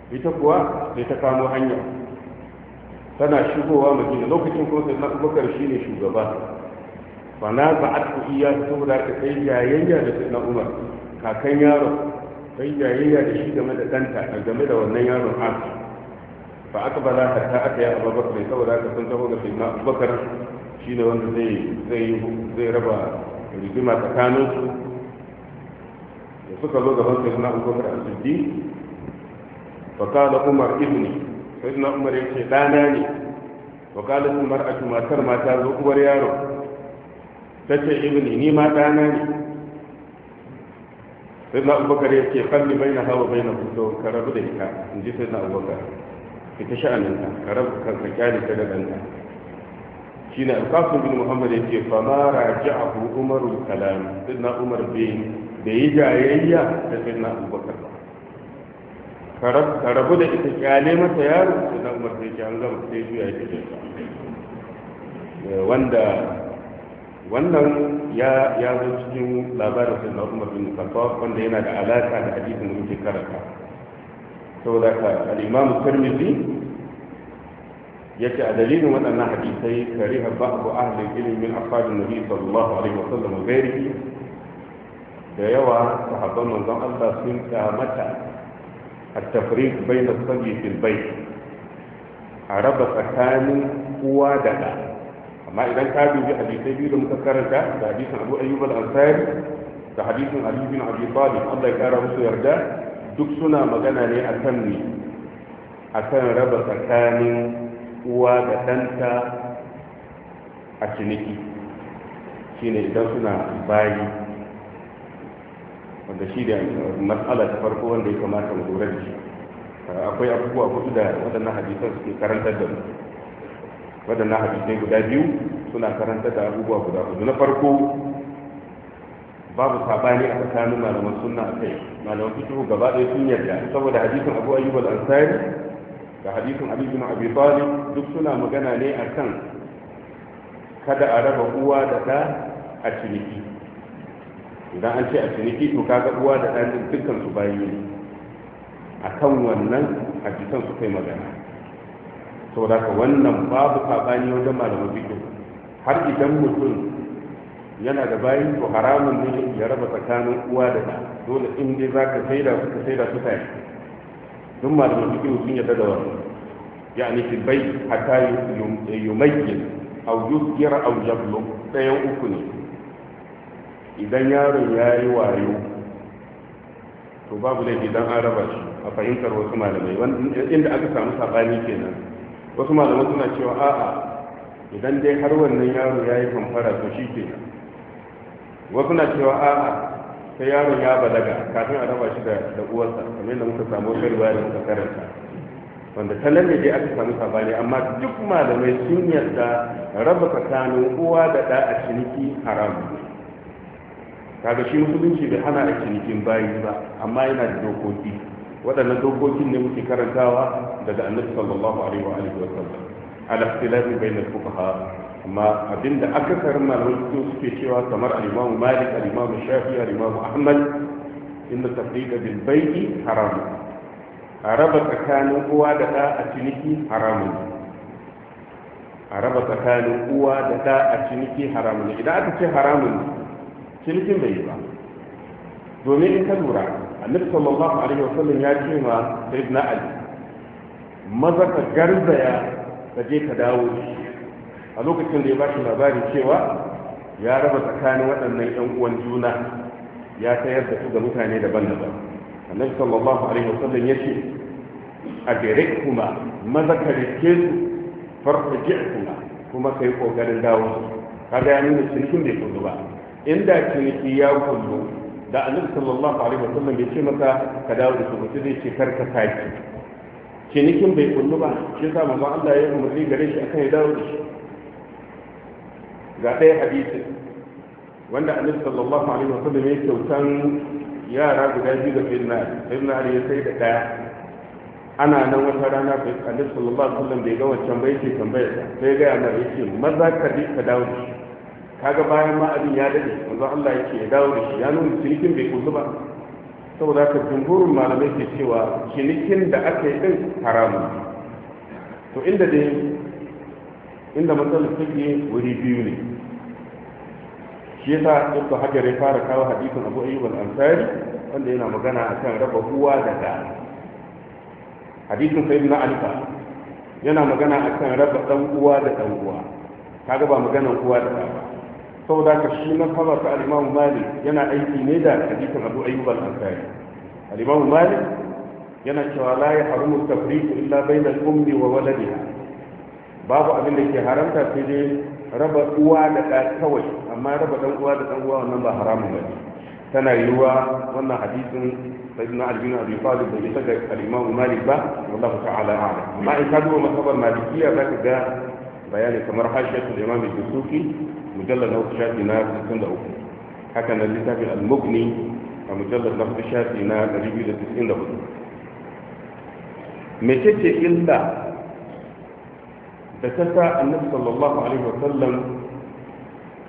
ita kuwa sai ta kamo hanya tana shigowa madina lokacin kuma sai na bakar shine shugaba fana ba a ku iya da ka kai jayayya da na umar kakan yaron kai jayayya da shi game da danta game da wannan yaron haka Ba aka ba za ka ta aka yi abubakar mai saboda aka sun taho ga sayyidina abubakar shi ne wanda zai raba rigima su da suka zo gaban na abubakar a siddi fa kala umar ibni na umar ya ce ɗana ne wa kala umar a matar mata zo uwar yaron ta ce ibni ni ma ɗana ne sai na abubakar ya ce kalli bai na hawa bai na fito ka rabu da ita in ji sai na abubakar ita sha'aninta ka rabu ka kyale ta da ɗanta shi ne alkasun bin muhammad ya ce fa ma abu Umaru kalam sai na umar bai da yi jayayya da sai na abubakar ka rabu da ita kyale masa yaro sai na umar sai ke an gama sai juya ya ce eh, wanda wannan ya ya zo cikin labarin sai na umar bin khattab wanda yana da alaka da hadisin da muke karanta saboda ka al-imam tirmidhi yace a dalilin waɗannan hadisai kariha ba'du ahli ilmi min ashabin nabi sallallahu alaihi wa sallam ghairihi da yawa sahabban manzon Allah sun kamata a tafriq bayna as-sabi fil a raba tsakanin uwa da ɗa amma idan ka dubi hadisai biyu da muka karanta da hadisin abu ayyub al-ansari da hadisin ali bin abi talib Allah ya kara musu yarda duk suna magana ne akan ni akan raba tsakanin uwa da danta a ciniki shine idan suna bayi wanda shi da matsala ta farko wanda ya kamata mu lura da shi akwai abubuwa hudu da waɗannan hadisan suke karantar da mu waɗannan hadisai guda biyu suna karanta da abubuwa guda hudu na farko babu sabani a tsakanin malaman sunna a kai malaman fikihu gaba ɗaya sun yarda saboda hadisin abu ayyub al-ansari da hadisin abi bin abi talib duk suna magana ne akan kada a raba uwa da ɗa a ciniki idan an ce a ciniki to kaga uwa da ɗan dukkan su bayi ne akan wannan hadisan su kai magana da ka wannan babu sabani wajen malamin fiqh har idan mutum yana da bayi to haramun ne ya raba tsakanin uwa da ta, dole in dai za ka saida su ka saida su tare duk malamin fiqh sun yarda da wannan yani fi bai hatta yumayyiz aw yusgira aw yablu ɗayan uku ne idan yaron ya yi wayo to babu laifi don an raba shi a fahimtar wasu malamai inda aka samu sabani kenan wasu malamai suna cewa a'a idan dai har wannan yaro ya yi kamfara to shi ke wasu na cewa a'a sai yaron ya balaga kafin a raba shi da uwarsa kamar yadda muka samu wata riwaya da muka karanta wanda ta lalle dai aka samu sabani amma duk malamai sun yarda raba tsakanin uwa da ɗa a ciniki haramu kaga shi musulunci bai hana a cinikin bayi ba amma yana da dokoki waɗannan dokokin ne muke karantawa daga annabi sallallahu alaihi wa alihi wa sallam ala ikhtilafi bainal fuqaha amma abinda akasarin malamai su suke cewa kamar al-Imam Malik al-Imam Shafi'i al-Imam Ahmad inda tafriqa bil bai'i haram a raba tsakanin uwa da ɗa a ciniki haramun a raba tsakanin uwa da ɗa a ciniki haramun idan aka ce haramun cinikin bai yi ba domin in ka lura annabi sallallahu alaihi wasallam ya ce ma ibn ali maza ka garzaya ka je ka dawo a lokacin da ya bashi labarin cewa ya raba tsakanin waɗannan yan uwan juna ya tayar da su ga mutane daban-daban annabi sallallahu alaihi wasallam ya ce a gare kuma maza ka rike su farfaje kuma kuma kai kokarin dawo kaga ya nuna cinikin ya kullu ba inda ciniki ya kullu da annabi sallallahu alaihi wasallam ya ce maka ka dawo da su mutum zai ce kar ka sake cinikin bai kullu ba shi yasa manzo Allah ya umarni gare shi akan ya dawo da shi ga ɗaya hadisi wanda annabi sallallahu alaihi wasallam ya kyautan yara guda biyu da sayyidina Ali sayyidina Ali ya sai da ɗaya ana nan wata rana annabi sallallahu alaihi wasallam bai ga wancan bai ce tambayar sai ga yana yake maza ka ka dawo da shi kaga bayan ma abin ya dade manzo Allah yake ya dawo da shi ya nuna cinikin bai kusa ba saboda ka jumhurin malamai ke cewa cinikin da aka yi din haramu to inda dai inda matsalar take wuri biyu ne shi yasa ibnu hajar ya fara kawo hadisin abu ayyub al-ansari wanda yana magana akan raba huwa da da hadisin sayyidina ali yana magana akan raba dan uwa da dan uwa kaga ba maganar uwa da ba saboda ka shi na fama ta alimamu mali yana aiki ne da hadisin abu ayyub al-ansari alimamu mali yana cewa la ya haramu tafriqu illa bainal ummi wa waladiha babu abin da ke haramta sai dai raba uwa da ɗa kawai amma raba dan uwa da dan uwa wannan ba haramun ba tana yiwuwa wannan hadisin sayyidina ali bin abi talib da isa ga alimamu malik ba wallahu ta'ala a'lam amma in ka duba masabar malikiya zaka ga bayani kamar hashiyatul imam al-dusuki mujallar na hudu shafi na 63 haka nan littafin al-mughni a mujallar na hudu shafi na 294 mece ce illa da ta sa annabi sallallahu alaihi wasallam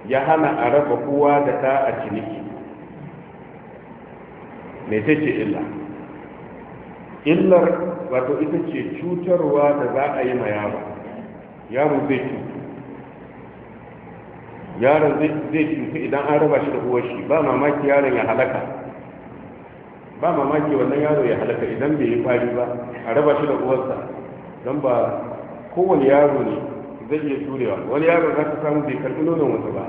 ya hana a raba kowa da ta a ciniki mece ce illa illar wato ita ce cutarwa da za a yi ma yaro yaro zai cutu yaron zai cutu idan an raba shi da uwar shi ba mamaki yaron ya halaka ba mamaki wannan yaro ya halaka idan bai yi kwari ba a raba shi da uwarsa don ba kowane yaro ne zai iya turewa wani yaro za ka samu bai karɓi nonon wasu ba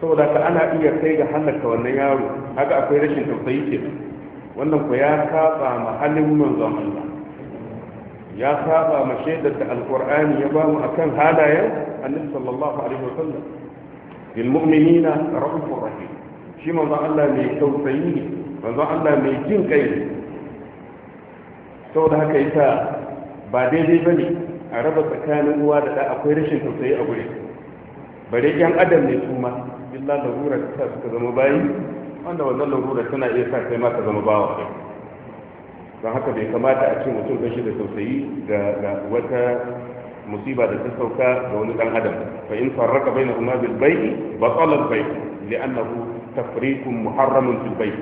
saboda ka ana iya kai ga halaka wannan yaro haka akwai rashin tausayi ke wannan ku ya saba ma halin manzon Allah ya saba ma shaidar da alkur'ani ya ba mu akan halayen annabi sallallahu alaihi wa sallam bil mu'minina rahmatur rahim shi manzo Allah mai tausayi ne manzo Allah mai jin kai ne saboda haka yasa ba daidai bane a raba tsakanin uwa da da akwai rashin tausayi a gure bare yan adam ne kuma illa billahi larura ta suka zama bayi wanda wannan larura tana iya sa kai ma ta zama bawa don haka bai kamata a ce mutum gashi da tausayi ga wata musiba da ta sauka ga wani dan adam fa in farraka bainahuma bil bai'i batala al bai' li'annahu tafriqun muharramun fil bai'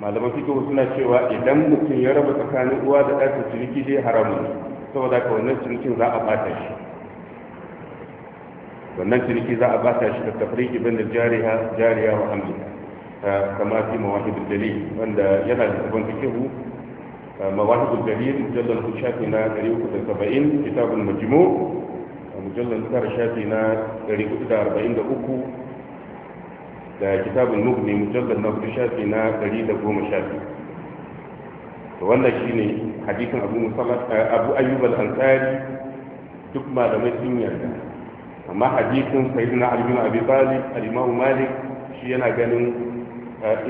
malaman fiqh suna cewa idan mutum ya raba tsakanin uwa da ɗanta ciniki dai haramun saboda ka wannan cinikin za a bata shi wannan ciniki za a bata shi da tafriqi bain jariha jariya wa hamliha kama fi mawahid dalil wanda yana da sabon fiqh مواهب الجليل مجلد الشافينا تاريخ 70 كتاب المجموع مجلد الكتاب الشافينا تاريخ 43 ده كتاب المغني مجلد النقد الشافينا تاريخ 10 شافي wannan shi ne hadisin abu ayyub al-ansari duk ma da mai yarda amma hadisin sayyidina ali bin abi talib al malik shi yana ganin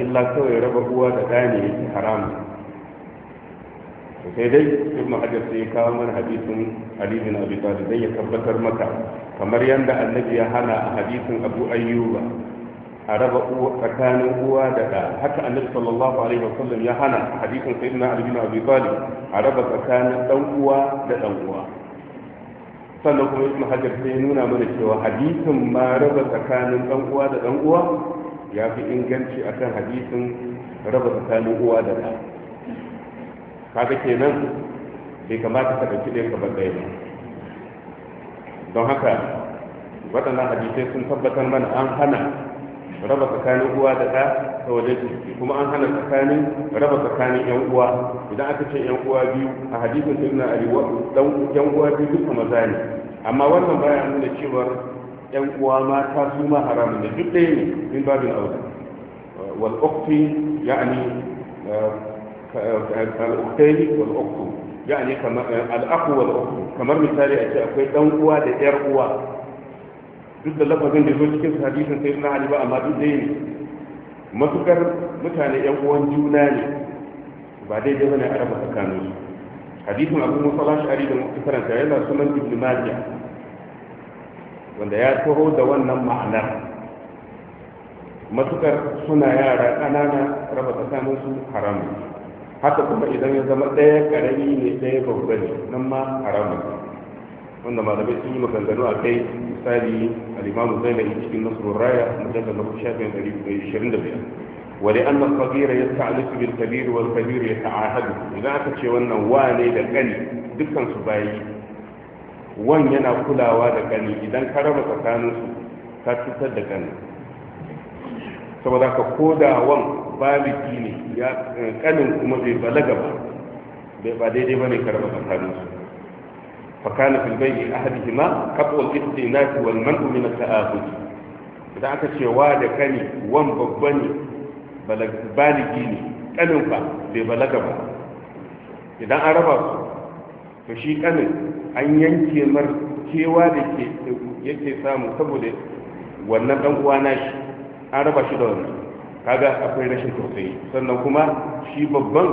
illa kawai raba uwa da dani haramun sai dai ibn hajar sai ya kawo mana hadisin ali bin abi talib ya tabbatar maka kamar yanda annabi ya hana a hadisin abu ayyuba a raba tsakanin uwa da ɗa haka annabi sallallahu alaihi wa sallam ya hana a hadisin sayyidina ali bin abi talib a raba tsakanin dan uwa da dan uwa sannan kuma ibn hajar sai ya nuna mana cewa hadisin ma raba tsakanin dan uwa da dan uwa ya fi inganci akan hadisin raba tsakanin uwa da ɗa kaga kenan bai kamata ka ɗauki ɗaya ka ba don haka waɗannan hadisai sun tabbatar mana an hana raba tsakanin uwa da ɗa ta waje kuma an hana tsakanin raba tsakanin yan uwa idan aka ce yan uwa biyu a hadisin sun na wa dan yan uwa biyu duka maza ne amma wannan baya nuna cewar yan uwa mata su ma haramun da duk ɗaya ne min babin aure wal ukti yani eh, al'uktaini wal yani kamar eh, al'aku wal uktu kamar misali a ce akwai dan uwa da yar uwa duk da lafazin da zo cikin hadisin sai na hali ba amma duk dai ne matukar mutane yan uwan juna ne ba dai da bane araba tsakanin su hadisin abu musa al da muka karanta yana sunan ibn wanda ya taho da wannan ma'anar matukar suna yara ƙanana raba su haramun haka kuma idan ya zama ɗaya ƙarami ne ɗaya babba ne nan ma haramun wanda malamai sun yi maganganu a kai misali alimamu zai zainari cikin nasarar raya mujallar na kusa shafin ɗari ishirin da biyar wani an na kabira ya alifu bin kabiru wani kabiru ya sa a haɗu? idan aka ce wannan wane da ƙani dukkan su bayi wan yana kulawa da ƙani idan ka raba tsakaninsu ka cutar da ƙani saboda ka koda wan. baliki ne ya kanin kuma bai balaga ba bai ba daidai bane karba tsakanin su fa kana fil bayyi ahadihima qabu al istinat wal man'u min al idan aka ce wa da kani wan babba ne ne kanin fa bai balaga ba idan an raba su to shi kanin an yanke mar kewa da ke yake samu saboda wannan dan uwa shi, an raba shi da wannan kaga akwai rashin tausayi sannan kuma shi babban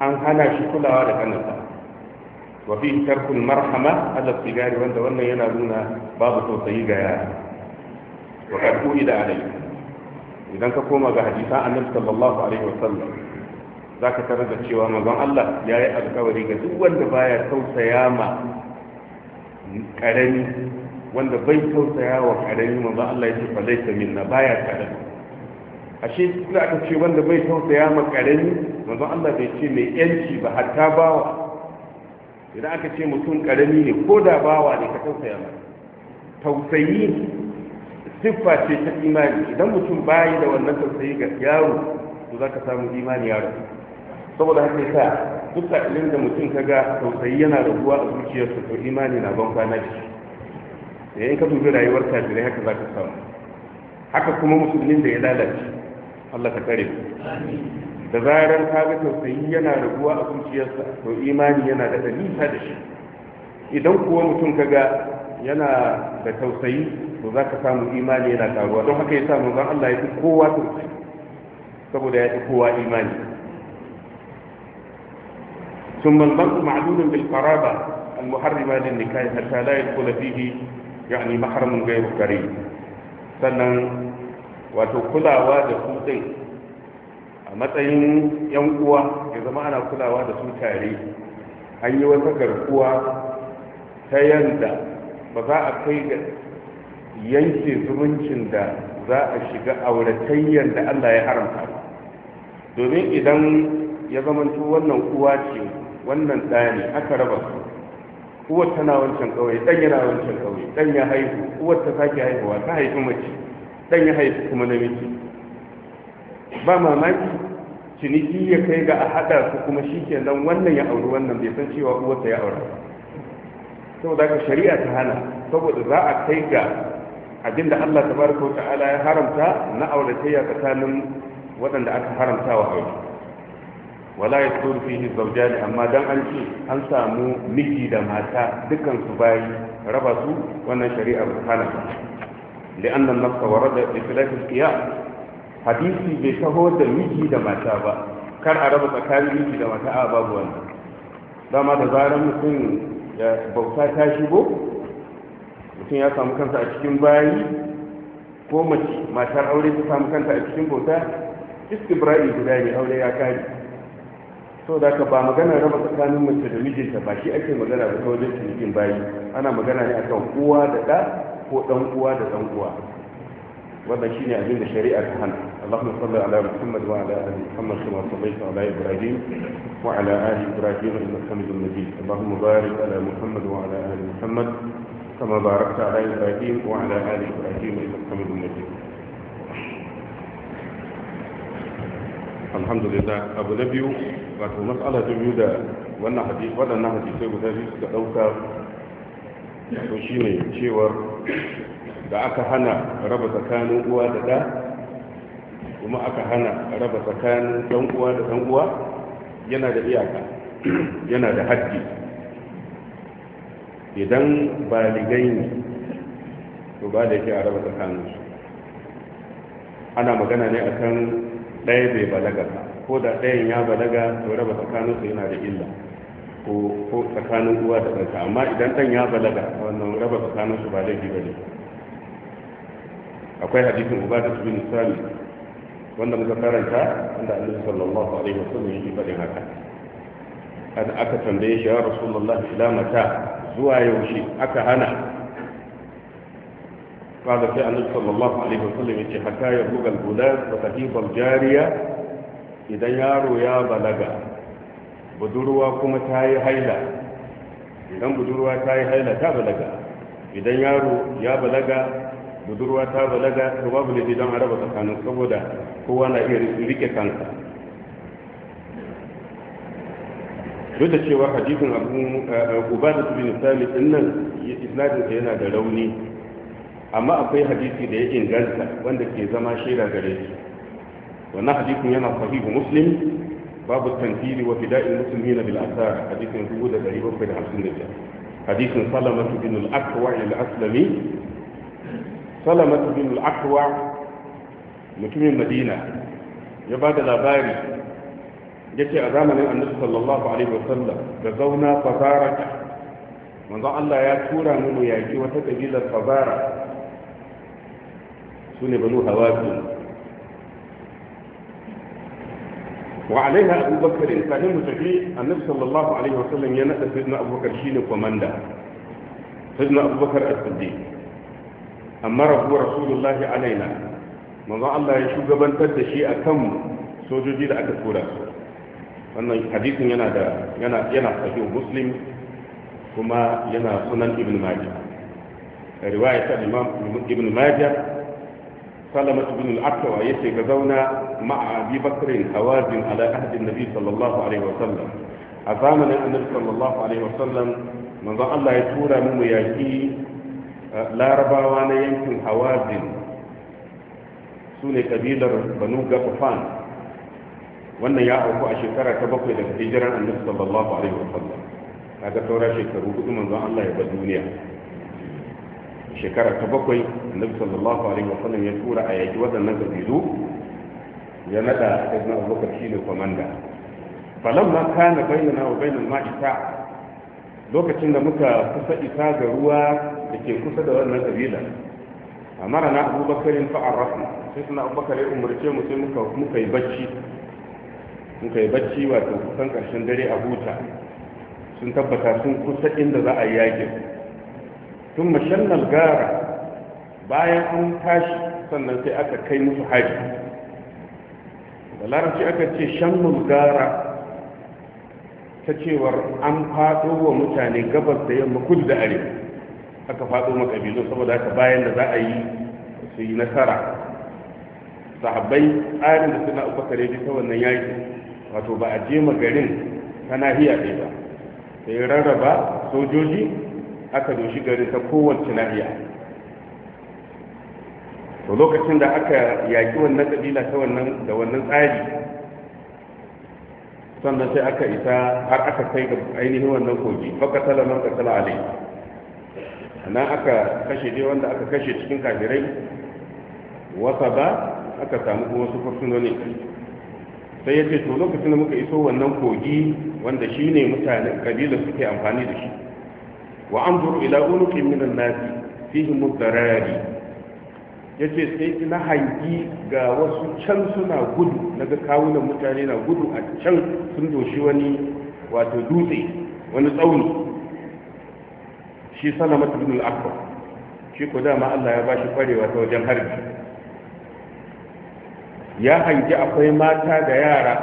an hana shi kulawa da kanansa wa fi tarkul marhama ala sigari wanda wannan yana nuna babu tausayi ga yara wa qad ida alai idan ka koma ga hadisan annabi sallallahu alaihi wasallam zaka tarar da cewa manzon Allah ya yi alƙawari ga duk wanda baya tausaya ma karami wanda bai tausaya wa karami manzon Allah ya ce fa laysa minna baya karami ashe da aka ce wanda bai tausaya ma karami manzon Allah bai ce mai yanci ba hatta bawa idan aka ce mutum karami ne ko da bawa ne ka tausaya ma tausayi siffa ce ta imani idan mutum bayi da wannan tausayi ga yaro to zaka samu imani yaro saboda haka yasa duk sa'ilin da mutum kaga tausayi yana raguwa a zuciyarsa to imani na ban kwana da eh, in ka dubi rayuwar kafirai haka zaka samu haka kuma musulmin da ya lalace Allah ka kare mu da zarar ka ga tausayi yana raguwa a zuciyarsa to imani yana da nisa da shi idan kuwa mutum ka ga yana da tausayi to za ka samu imani yana karuwa don haka ya samu zan Allah ya fi kowa tausayi saboda ya fi kowa imani ثم المرء معلول بالقرابة المحرمة للنكاح حتى لا يدخل فيه يعني محرم غير كريم sannan wato kulawa da su din a matsayin yan uwa ya zama ana kulawa da su tare an yi wata garkuwa ta yanda ba za a kai ga yanke zumuncin da za a shiga auratayyar da Allah ya haramta domin idan ya zamanto wannan uwa ce wannan ɗaya aka raba su uwar tana wancan ƙauye ɗan yana wancan ƙauye ɗan ya haihu uwar ta sake haihuwa ta haifi mace dan ya haifi kuma namiji ba mamaki ciniki ya kai ga a haɗa su kuma shi ke nan wannan ya auri wannan bai san cewa uwarsa ya aura saboda ka shari'a ta hana saboda za a kai ga abinda da Allah tabaraka wa ta'ala ya haramta na auratayya tsakanin waɗanda aka haramta wa aure wala ya tsoro fihi zaujani amma dan an ce an samu miji da mata dukansu bayi raba su wannan shari'ar hana لأن النص ورد بخلاف القياس حديثي بشهو ده ميجي ده ما با كان عرب تكاري ميجي ده ما شاء باب وانا ده ما ده زارم مثل بوتا تاشبو mutum ya samu kansa a cikin bayi ko mace matar aure ta samu kanta a cikin bauta istibra'i guda ne aure ya kare so da ka ba magana raba tsakanin mace da mijinta ba shi ake magana da wajen cinikin bayi ana magana ne akan uwa da ɗa ko dan uwa da dan uwa shi ne abin da shari'a ta hana Allahumma salli ala Muhammad wa ala ali Muhammad kama sallaita ala Ibrahim wa ala ali Ibrahim innaka Hamidum Majid Allahumma barik ala Muhammad wa ala ali Muhammad kama barakta ala Ibrahim wa ala ali Ibrahim innaka Hamidum Majid alhamdulillah abu na biyu wato mas'ala ta biyu da wannan hadisi waɗannan hadisai guda biyu suka ɗauka ko ne cewar da aka hana raba tsakanin uwa da ɗa kuma aka hana raba tsakanin ɗan uwa da ɗan uwa yana da iyaka yana da haddi idan ba baligai ne to ba da yake a raba tsakaninsu ana magana ne akan ɗaya bai balaga ko da ɗayan ya balaga to raba tsakaninsu yana da illa ko tsakanin uwa da ɗanka amma idan ɗan ya balaga wannan raba tsakanin su ba laifi ba ne akwai hadisin uba da bin sami wanda muka karanta wanda annabi sallallahu alaihi wasallam yake faɗin haka an aka tambaye shi ya rasulullah ila mata zuwa yaushe aka hana sai قال في النبي صلى الله عليه وسلم حتى يبلغ الغلام وتحيط jariya, idan yaro ya balaga. budurwa kuma ta yi haila idan budurwa ta yi haila ta balaga idan yaro ya balaga budurwa ta balaga to babu ne don a raba tsakanin saboda kowa na iya rike kansa duk da cewa hadisin abu eh, uba da su bin sami din nan yana da rauni amma akwai hadisi da ya inganta wanda ke zama shaida gare shi wannan hadisin yana sahihu muslim babu tanfili wa fida'il muslimina bil asar hadisin 1755 hadisin salama bin al-aqwa al-aslami salama bin al-aqwa mutumin madina ya ba da labari ya ce a zamanin annabi sallallahu alaihi wasallam da zauna fazarata manzo Allah ya tura mu yaki wata kabilar fazara su ne wa alaiha abu bakar kafin mu tafi annabi sallallahu alaihi wasallam ya nada sayyidina abubakar shine komanda sayyidina abubakar as-siddiq amma rabu rasulullahi alaina manzo Allah ya shugabantar da shi akan sojoji da aka tura wannan hadisin yana da yana muslim kuma yana sunan ibn majah riwaya ta ibn سلمة بن الأكوى يتي غزونا مع أبي بكر هوازن على عهد النبي صلى الله عليه وسلم أزامن النبي صلى الله عليه وسلم من ظن الله يتورى من مياكي لا ربا وانا يمكن هوازن سوني قبيلة بنو غطفان wannan ya auku a shekara ta bakwai daga hijiran annabi sallallahu alaihi wasallam kaga saura shekaru hudu manzon Allah ya bar duniya shekara ta bakwai annabi sallallahu alaihi wa sallam ya tura a yaki waɗannan kabilu ya nada ibn abubakar shine komanda falamma kana bainana wa bainal ma'ita lokacin da muka kusa isa ga ruwa da ke kusa da wannan kabila amara na abubakarin fa'arrafu sai suna abubakar ya umarce mu sai muka yi bacci muka yi bacci wato kusan karshen dare a huta sun tabbata sun kusa inda za a yi yakin tun mashannan gara bayan an tashi sannan sai aka kai musu haji da larabci aka ce shannun gara ta cewar an faɗo wa mutane gabas da yamma kudu da arewa aka faɗo makabilu saboda haka bayan da za a yi su yi nasara sahabbai tsarin da suna uku kare ta wannan yaki wato ba a je garin ta nahiya ɗaya ba sai rarraba sojoji aka doshi garin ta kowace nahiya to lokacin da aka yaƙi wannan ƙabila ta wannan da wannan tsari sannan sai aka isa har aka kai ga ainihin wannan kogi fakatala man katala alai nan aka kashe dai wanda aka kashe cikin kafirai wasa ba aka samu kuma su fursunoni sai ya ce to lokacin da muka iso wannan kogi wanda shi ne mutanen ƙabila suke amfani da shi wa anzur ila unuqin minan nas fihi yace sai na hangi ga wasu can suna gudu ga kawunan mutane na gudu a can sun doshi wani wato dutse wani tsauni shi sana ibn al shi ko dama Allah ya bashi kwarewa ta wajen harbi ya hangi akwai mata da yara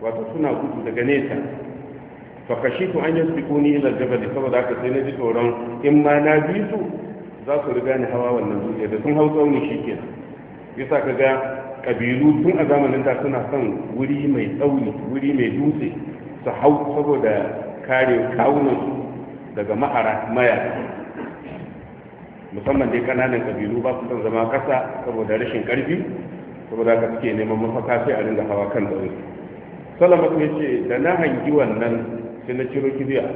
wato suna gudu daga nesa fa an an yasbiquni ila al-jabal saboda haka sai na ji tsoron in ma na bi su za su riga ni hawa wannan dutse da sun hau tsauni shikenan yasa ga kabilu tun a zamanin da suna son wuri mai tsauni wuri mai dutse su hau saboda kare kawunan su daga ma'ara maya musamman dai kananan kabilu ba su son zama kasa saboda rashin karfi saboda haka suke neman mafaka sai a ringa hawa kan tsauni salamatu ya ce da na hangi wannan sai na ciro kibiya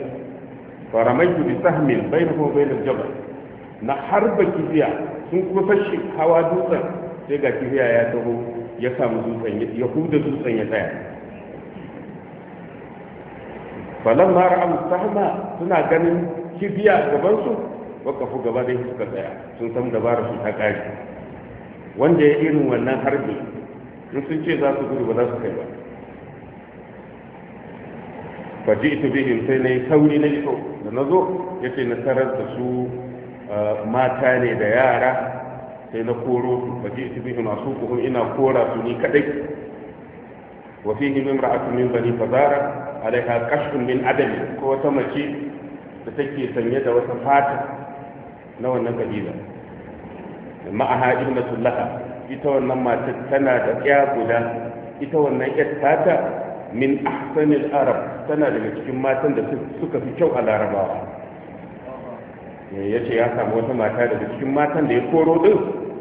fa ramaytu bi sahmin bainahu bainal jabal na harba kibiya sun ko fashi hawa dutsen sai ga kibiya ya taho ya samu dutsen ya huda dutsen ya tsaya falan ma ra'amu sahma suna ganin kibiya gaban su fu gaba da suka tsaya sun san dabara su ta kare wanda ya irin wannan harbi sun ce za su gudu ba za su kai ba fa ji'tu bihim sai yi sauri na iso da nazo yace na tarar da su ah, mata ne da yara sai na koro su fa ji'tu masu asuquhum ina kora su ni kadai wa fihi imra'atun min bani fazara alaiha kashfun min adami ko wata mace da take sanye da wata fata na wannan kabila ma'aha ibnatul ita wannan matar tana da tsaya guda ita wannan ƴar min ahsanil arab tana daga cikin matan da suka fi kyau a larabawa eh, ya ce ya samu wata mata daga cikin matan da ya koro din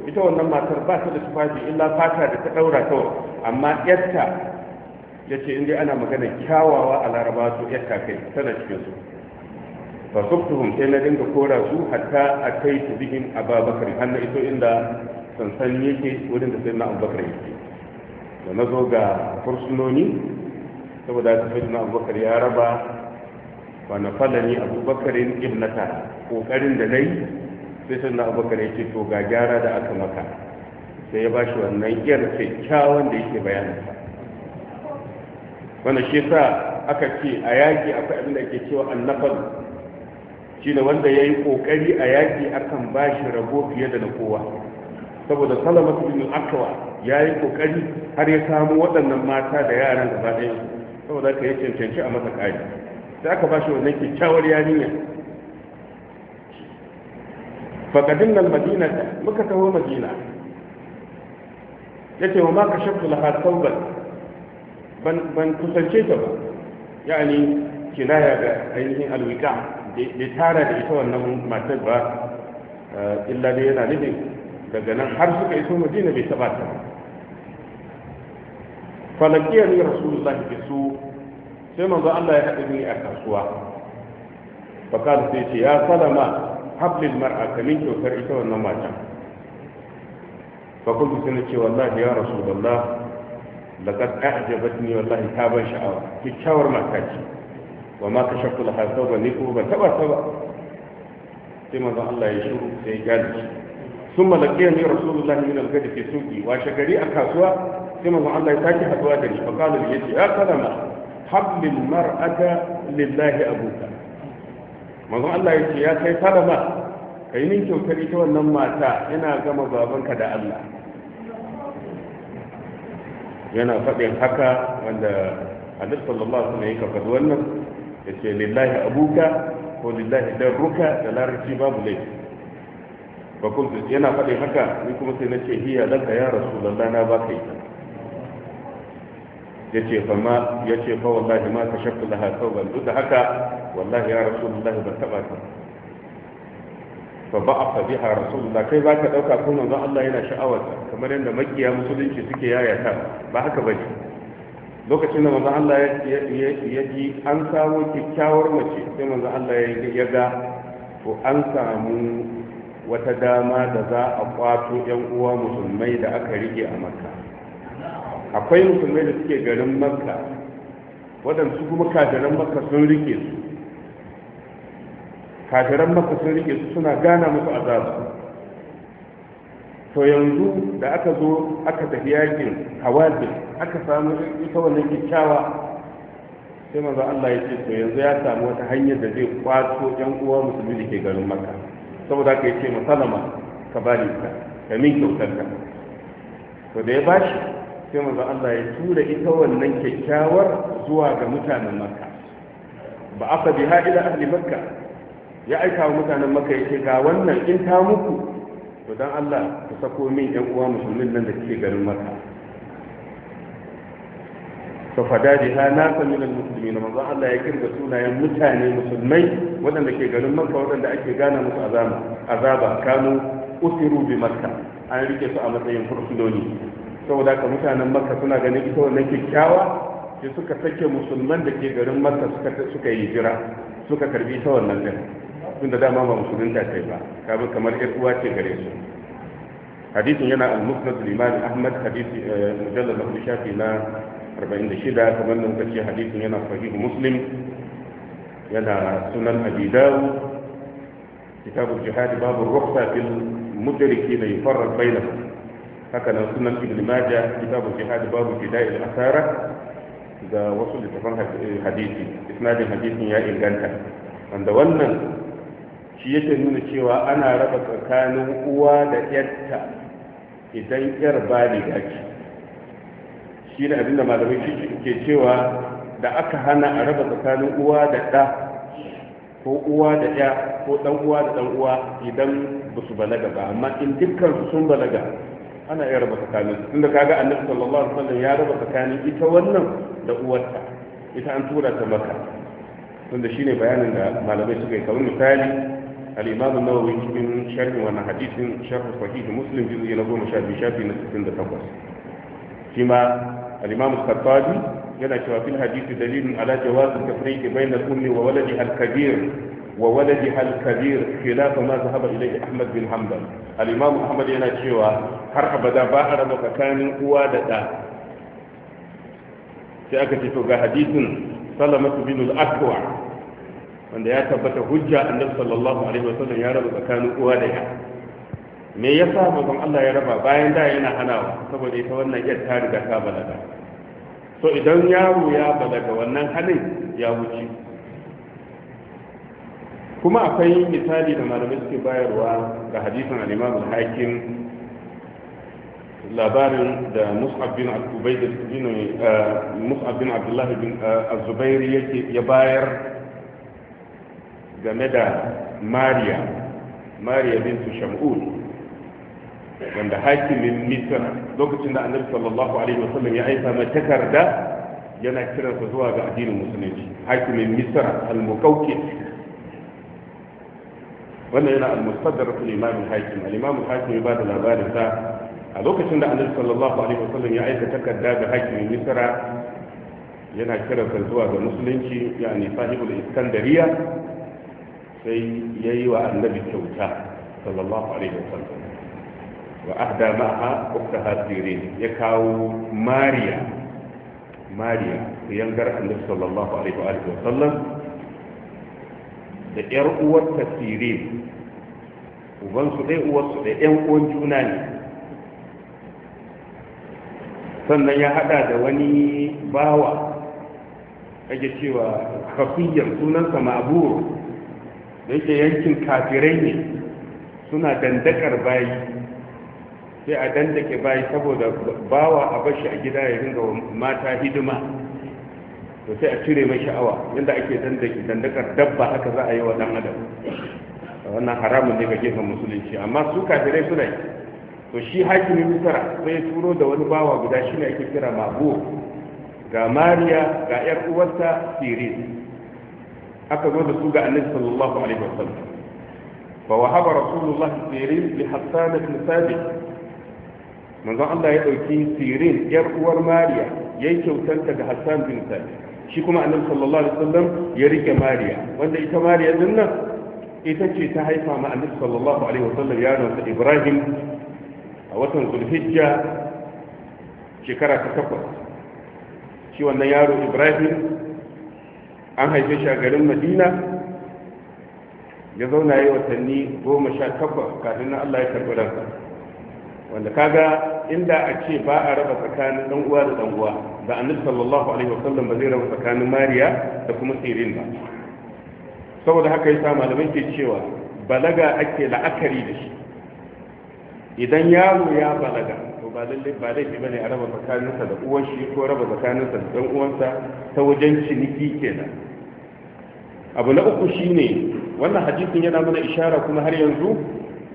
ita wannan matar ba ta da tufafi illa fata da ta daura ta amma yarta ya ce inda ana magana kyawawa a larabawa to yarta kai tana cikin su fasuftuhum sai na dinga kora su hatta a kai su bihin ababakar har na iso inda sansan yake wurin da sai na abubakar yake da na zo ga fursunoni saboda ta na abubakar ya raba wa na falani abubakarin ibnata kokarin da nayi sai sun na abubakar ya ce to ga gyara da aka maka sai ya ba shi wannan yar kyakkyawan da yake bayaninsa wanda shi sa aka ce a yaƙi akwai abin da ake cewa shi ne wanda ya yi ƙoƙari a yaƙi akan ba shi rabo fiye da na kowa saboda salamatu bin akawa ya yi ƙoƙari har ya samu waɗannan mata da yaran gaba ɗaya saboda ka yi cancanci a masa ƙari sai aka ba shi wannan kyakkyawar yarinya fakadin nan madina muka taho madina ya ce wa ma shafi lahar sauban ban kusance ta ba ya ya'ani kinaya ga ainihin alwika bai tara da ita wannan matar ba eh, illa da yana nufin daga nan har suka iso madina bai taba ta ba falakiya ni rasulullahi bi su sai manzo Allah ya haɗa ni a kasuwa fakar sai ce ya salama hablil mar'a kamin kyautar ita wannan matan fakultu sai ce wallahi ya rasulullah laqad a'jabatni wallahi ta ban sha'awa kyakkyawar mata ce wa ma ka kashaftu laha thawban ni ko ba taba ta sai manzo Allah ya shiru sai ya gane ثم لقيني رسول الله من الغد في سوقي واشكري a kasuwa. sai manzo Allah ya sake haduwa da shi fa qala li yace ya kalama hablil mar'ata lillahi abuka manzo Allah yace ya kai kalama kai nin kyautar ita wannan mata yana gama babanka da Allah yana faɗin haka wanda hadis sallallahu alaihi wasallam yake wannan yace lillahi abuka ko lillahi darruka da larabci babu laifi ba yana faɗin haka ni kuma sai na ce hiya laka ya rasu lalla na ba ka yi yace fa ma yace fa wallahi ma kashaftu laha thawban duk da haka wallahi ya rasulullahi ban taba ta fa ba'atha biha rasulullah kai zaka dauka ko manzon Allah yana sha'awarta kamar yadda makiya musulunci suke yayata ba haka bane lokacin da manzon Allah ya ji an samu kyakkyawar mace sai manzon Allah ya ga to an samu wata dama da za a kwato yan uwa musulmai da aka rike a makka akwai musulmai da suke garin makka waɗansu kuma kafiran makka sun rike su kafiran makka sun rike su suna gana musu azabu to yanzu da aka zo aka tafi yakin hawazin aka samu ita wannan kyakkyawa sai maza Allah ya ce to yanzu ya samu wata hanyar da zai kwato yan uwa musulmi da ke garin makka saboda aka yi ce masalama ka bari ka ka min kyautar ka to da ya bashi sai maza Allah ya tura ita wannan kyakkyawar zuwa ga mutanen Makka ba aka biha ila ahli Makka ya aika wa mutanen Makka ce, ga wannan in ta muku to don Allah ta sako min yan uwa musulmin nan da ke garin Makka fa fada biha nasan min almuslimin maza Allah ya kirga sunayen mutane musulmai waɗanda ke garin Makka waɗanda ake gana musu azaba azaba kanu usiru bi Makka an rike su a matsayin fursunoni saboda ka mutanen makka suna ganin ita wannan kyakkyawa sai suka sake musulman da ke garin makka suka yi jira suka karbi ta wannan din tunda dama ba musulunta kai ba kaga kamar yar uwa ce gare su hadisin yana al-musnad liman ahmad hadisi eh, mujallal na shafi na 46 kamar nan kace hadisin yana sahih muslim yana sunan abi dawud kitabul jihad babu ar-rukhsa fil mudrikina yufarraq bainahum haka nan sunan ibn majah kitabu jihad babu bidai al-asara da wasu littafan eh, hadisi isnadin hadisin ya inganta wanda wannan shi yake nuna cewa ana raba tsakanin uwa da yatta idan yar baliga gaci shi da abinda malamai shi ke cewa da aka hana a raba tsakanin uwa da ɗa ko uwa da ya ko dan uwa da dan uwa idan ba su balaga ba amma in dukkan su sun balaga ana iya raba tsakanin tunda kaga annabi sallallahu alaihi wasallam ya raba tsakanin ita wannan da uwarta ita an tura ta maka tunda shine bayanin da malamai suka yi kamar misali al-imam an-nawawi cikin sharhi wannan hadisin sharh sahih muslim juz'i na 12 shafi shafi na 68 shi ma al-imam al-khattabi yana cewa fil hadisi dalilun ala jawaz tafriqi bayna al-ummi wa waladi al-kabir وولدها الكبير خلاف ما ذهب إليه أحمد بن حنبل الإمام أحمد yana cewa har abada ba a raba tsakanin uwa da ɗa sai aka ce ga hadisin salamatu bin al wanda ya tabbata hujja annabi sallallahu alaihi ya raba tsakanin uwa da ya me yasa babban Allah ya raba bayan da yana hanawa saboda ita wannan yar ta riga ta balaga so idan yaro ya balaga wannan halin ya wuce kuma akwai misali da malamai suke bayarwa ga hadisan al-imam al-hakim labarin da mus'ab bin al-ubay da eh, mus'ab bin abdullah bin az-zubairi eh, yake ya bayar game da mariya mariya bintu sham'ul wanda hakimin misra lokacin da annabi sallallahu alaihi wasallam ya aika mai takarda yana kiransa zuwa ga addinin musulunci hakimin misra al-muqawqi wannan yana al mustadir fi imam al-hakim al-imam al-hakim ya bada labarin sa a lokacin da annabi sallallahu alaihi wasallam ya aika takarda ga hakim misra yana kira kan zuwa ga musulunci yani sahibul iskandariya sai yayi wa annabi kyauta sallallahu alaihi wasallam wa ahda ma'a ukta sirin ya kawo mariya mariya yangar annabi sallallahu alaihi wa sallam da yar uwar tasiri uban su dai uwar da yan uwan juna ne sannan ya hada da wani bawa kage cewa kafiyar sunansa ma'abur da yake yankin kafirai ne suna dandakar bayi sai a dandake bayi saboda bawa a bashi a gida ya ringa mata hidima to sai a cire mai sha'awa yadda ake dandaki dandakar dabba haka za a yi wa dan adam wannan haramun ne ga gefen musulunci amma su kafirai suna yi to shi hakimin misra sai turo da wani bawa guda shi ne ake kira mabu ga mariya ga yar uwarta sirin aka zo da su ga annabi sallallahu alaihi wasallam fa haba rasulullahi sirin li hassan ibn sabit manzo Allah ya dauki sirin yar uwar mariya yayin kyautanta ga hassan bin sabit shi kuma annabi sallallahu alaihi wasallam ya rike mariya wanda ita mariya din nan ita ce ta haifa ma annabi sallallahu alaihi wasallam yaron ta ibrahim a watan zulhijja shekara ta takwas shi wannan yaro ibrahim an haife shi a garin madina ya zauna yi watanni goma sha takwas kafin allah ya karɓi ransa wanda kaga inda a ce ba a raba tsakanin dan uwa da dan uwa da annabi sallallahu alaihi wasallam ba zai raba tsakanin mariya da kuma sirin ba saboda haka yasa malamin ke cewa balaga ake la'akari da shi idan yaro ya balaga to ba lalle ba laifi bane a raba tsakaninsa da uwan shi ko raba tsakaninsa da dan uwansa ta wajen ciniki kenan abu na uku shine wannan hadisin yana mana ishara kuma har yanzu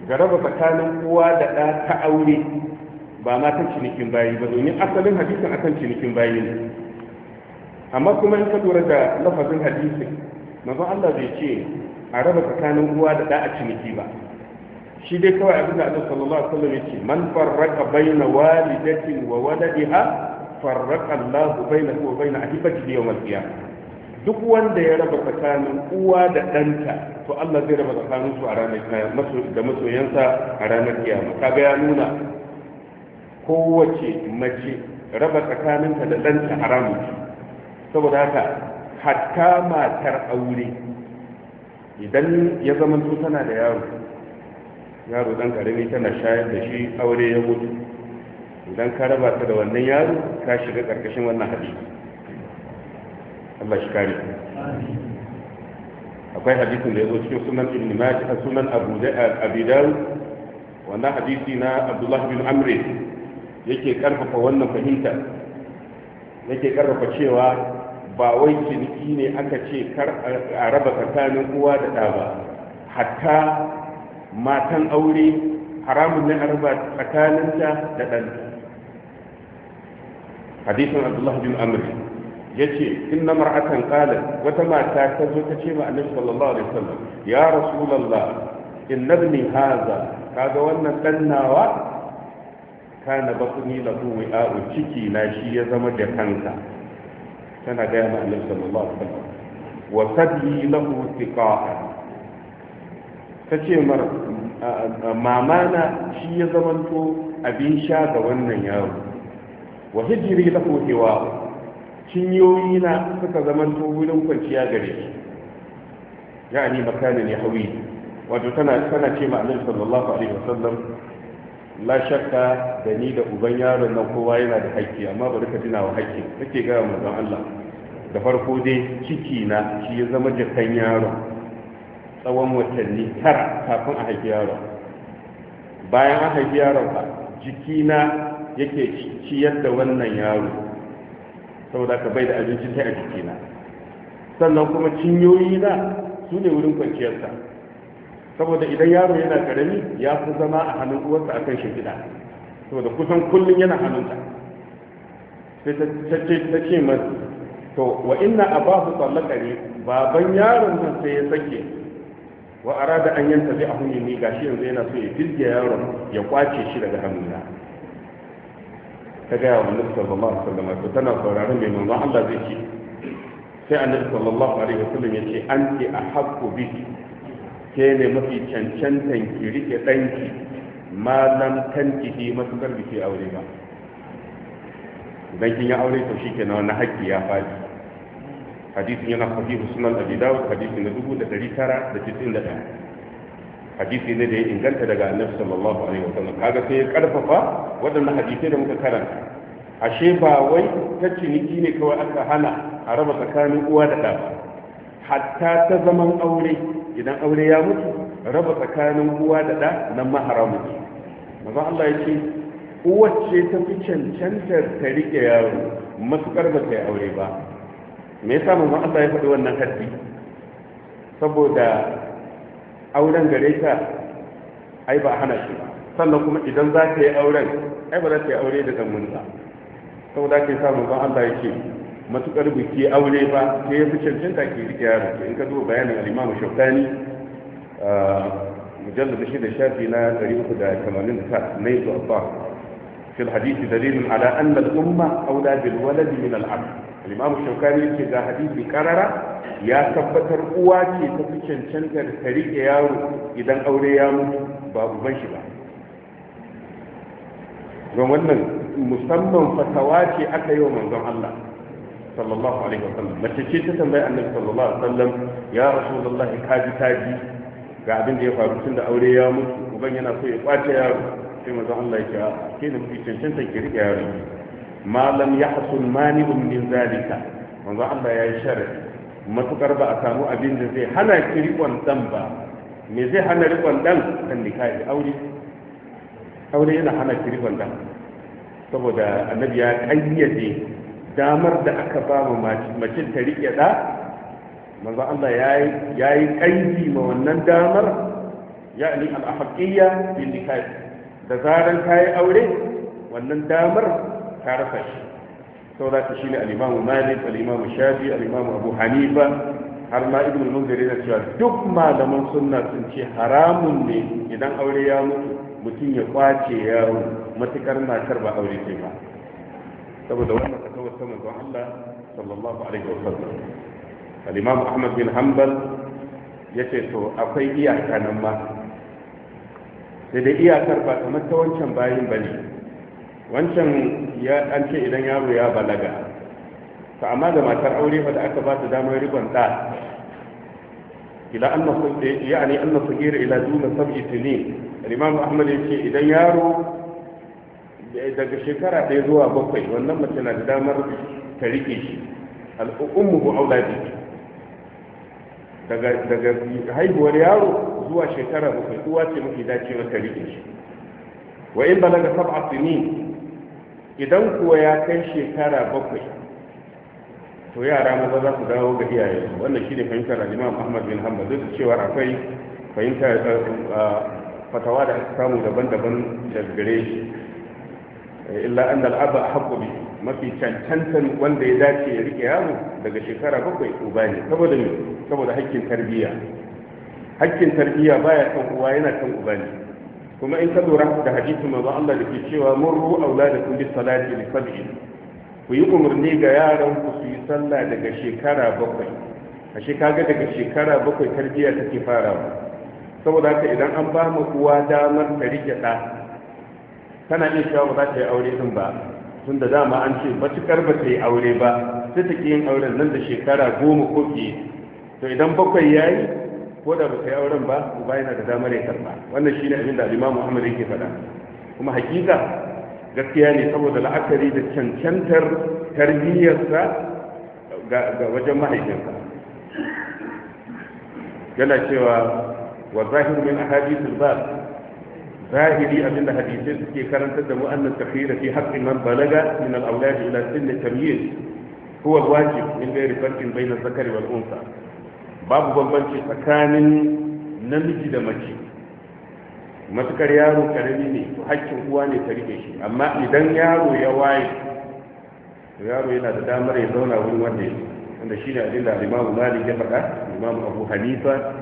ga raba tsakanin uwa da ɗa ta aure ba ma ta cinikin bayi ba domin asalin hadisin akan cinikin bayi ne amma kuma in ka lura da lafazin hadisin manzo Allah bai ce a raba tsakanin uwa da ɗa a ciniki ba shi dai kawai abin da Allah sallallahu alaihi wasallam yace man farraqa baina walidatin wa waladiha farraqa Allah bainahu wa a ahibatihi yawm al-qiyamah duk wanda ya raba tsakanin uwa da ɗanta to Allah zai raba tsakanin su a ranar kiyama da masoyansa a ranar kiyama kaga ya nuna kowace mace raba tsakaninta da ɗanta haramu saboda haka hatta matar aure idan ya zama tana da yaro yaro dan karami tana shayar da shi aure ya mutu idan ka raba ta da wannan yaro ka shiga karkashin wannan hadisi Allah shi kare akwai hadisin da ya zo cikin sunan ibn Maji a sunan abu abi dawud wannan hadisi na abdullah bin Amri yake karfafa wannan fahimta yake karfafa cewa ba wai ciniki ne aka ce kar a raba tsakanin uwa da ɗa ba hatta matan aure haramun ne a raba tsakaninta da ɗan hadisin abdullah bin Amri. Ya yace inna mar'atan qalat wata mata ta zo ta ce ma annabi sallallahu alaihi wasallam ya rasulullah inna ibni hadha kaga wannan dan nawa kana batni lahu wi'a'u ciki na shi ya zama da kanka tana ga ma annabi sallallahu alaihi wasallam wa sadli lahu tiqa'a ce mar mamana shi ya zamanto abin sha ga wannan yaro wa hijri lahu hiwa cinyoyi na suka zama wurin kwanciya gare shi ya ni makana ne hawi wato tana tana ce ma annabi sallallahu alaihi wasallam la shakka da ni da uban yaron nan kowa yana da haƙƙi amma bari ka tunawa haƙƙi take ga manzon Allah da farko dai ciki na shi ya zama jakan yaron. tsawon watanni tara kafin a haifi yaron. bayan an haifi yaron ba jiki na yake ciyar da wannan yaro saboda ka bai da abinci ta a jikina sannan kuma cinyoyi na su ne wurin kwanciyarsa saboda idan yaro yana karami ya fi zama a hannun uwarsa a kan shimfiɗa saboda kusan kullum yana hannunta sai ta ce ta ce masu to wa inna ba su ne baban yaron nan sai ya sake wa arada an yanta a a yimi gashi yanzu yana so ya fizge yaron ya kwace shi daga hannuna ta gaya wa annabi sallallahu alaihi wasallam to tana sauraron mai manzon Allah zai ce sai annabi sallallahu alaihi wasallam ya ce anti ahabbu bi ke ne mafi cancantan ki rike danki ma lam tankihi matukar ki aure ba idan kin ya aure to shikenan wannan haƙƙi ya faɗi hadisin yana sahihu sunan abi dawud hadisi na 1991 hadisi ne da ya inganta daga annabi sallallahu alaihi sallam kaga sai ya karfafa waɗannan hadisai da muka karanta ashe ba wai ta ciniki ne kawai aka hana a raba tsakanin uwa da ɗa hatta ta zaman aure idan aure ya mutu raba tsakanin uwa da ɗa nan ma haramu ne maza Allah ya ce uwar ce ta fi cancantar ta riƙe yaro matukar ba ta yi aure ba me yasa manzon Allah ya faɗi wannan hadisi saboda auren gare ka ai ba hana shi sannan kuma idan za ta yi auren ai ba za ta yi aure da dan wani ba saboda ke samu ba Allah yake matukar biki aure ba ke ya fi da ke rike yaro in ka duba bayanin al-Imam Shawkani mujallad shi da shafi na 389 na yanzu abba dalilin ala دليل Umma au da أولى بالولد من العبد imam shaukari yake da hadisi karara ya tabbatar uwa ce ta fi cancantar da ta rike yaro idan aure ya mutu ba uban shi ba don wannan musamman fatawa ce aka yi wa manzon Allah sallallahu alaihi wa sallam. mace ce ta tambayi annabi sallallahu alaihi wa sallam ya rasulullah kaji ji ga abin da ya faru tun da aure ya mutu uban yana so ya kwace yaro sai manzon Allah ya ce ke ne fi cancanta ki rike yaro malam ya hasul mani'un min zalika manzo Allah ya yi sharadi matukar ba a samu abin da zai hana ki rikon dan ba me zai hana rikon dan kan nikahi aure aure yana hana ki rikon dan saboda annabi ya kayyade damar da aka ba mu mace ta rike da manzo Allah ya yi kaidi ma wannan damar ya'ni al-ahqiyya bin nikahi da zaran kai aure wannan damar ka rasa shi da ka shi ne Alimamu Malik Alimamu Shafi Alimamu Abu Hanifa har ma Ibn al-Munzir yana cewa duk malaman sunna sun ce haramun ne idan aure ya mutu mutum ya kwace yaro matukar matar ba aure ce ba saboda wannan fatawar ta manzon Allah sallallahu alaihi wa al Alimamu Ahmad bin Hanbal ce to akwai iyaka nan ma sai da iyakar ba kamar ta wancan bayin ne. wancan ya an ce idan yaro ya balaga to amma da matar aure fa da aka ba ta damar rikon da ila anna yani anna sagir ila duna sab'i sinin al-imam ahmad yace idan yaro daga shekara ɗaya zuwa bakwai wannan mace na da damar ta riƙe. shi al'ummu ko auladi daga daga haihuwar yaro zuwa shekara bakwai uwa ce mafi dacewa ta riƙe. shi wa in balaga sab'a tuni. idan kuwa ya kai shekara bakwai to yara maza za ku dawo ga iyaye wannan shi ne fahimtar al-imam ahmad bin hanbal duk cewa akwai fahimta eh, eh, fatawa da aka samu daban-daban da gare shi eh, illa an al'aba a haƙo bi mafi cancantan wanda ya dace ya rike yaro daga shekara bakwai uba ne saboda ne saboda haƙƙin tarbiyya Haƙƙin tarbiyya baya kan uwa yana kan uba ne kuma in ka lura da hadisi manzon Allah da ke cewa murru auladakum bis salati li sab'i ku yi umarni ga yaran ku su yi sallah daga shekara bakwai a kaga daga shekara bakwai tarbiyya take farawa saboda haka idan an ba mu uwa damar ta rike ɗa tana iya cewa ba ta yi aure din ba tun da dama an ce matukar ba ta yi aure ba sai ta yin auren nan da shekara goma ko fiye to idan bakwai ya yi ko da ba ka yi auren ba uba yana da damar ya karba wannan shine abin da alimamu ahmad yake faɗa kuma hakika gaskiya ne saboda la'akari da cancantar tarbiyyarsa ga wajen mahaifinsa yana cewa wa zahiru min ahadithul bab zahiri abinda hadisai suke karantar da mu annan tafira fi haqqi man balaga min al-awlad ila sinni tamyiz huwa wajib min ghairi farqin bayna zakari wal unsa babu bambanci tsakanin namiji da mace matukar yaro karami ne hakkin uwa ne ta rike shi amma idan yaro ya waye to yaro yana da damar ya zauna wurin wanda ya wanda shine abin da Imam Malik ya faɗa Imam Abu Hanifa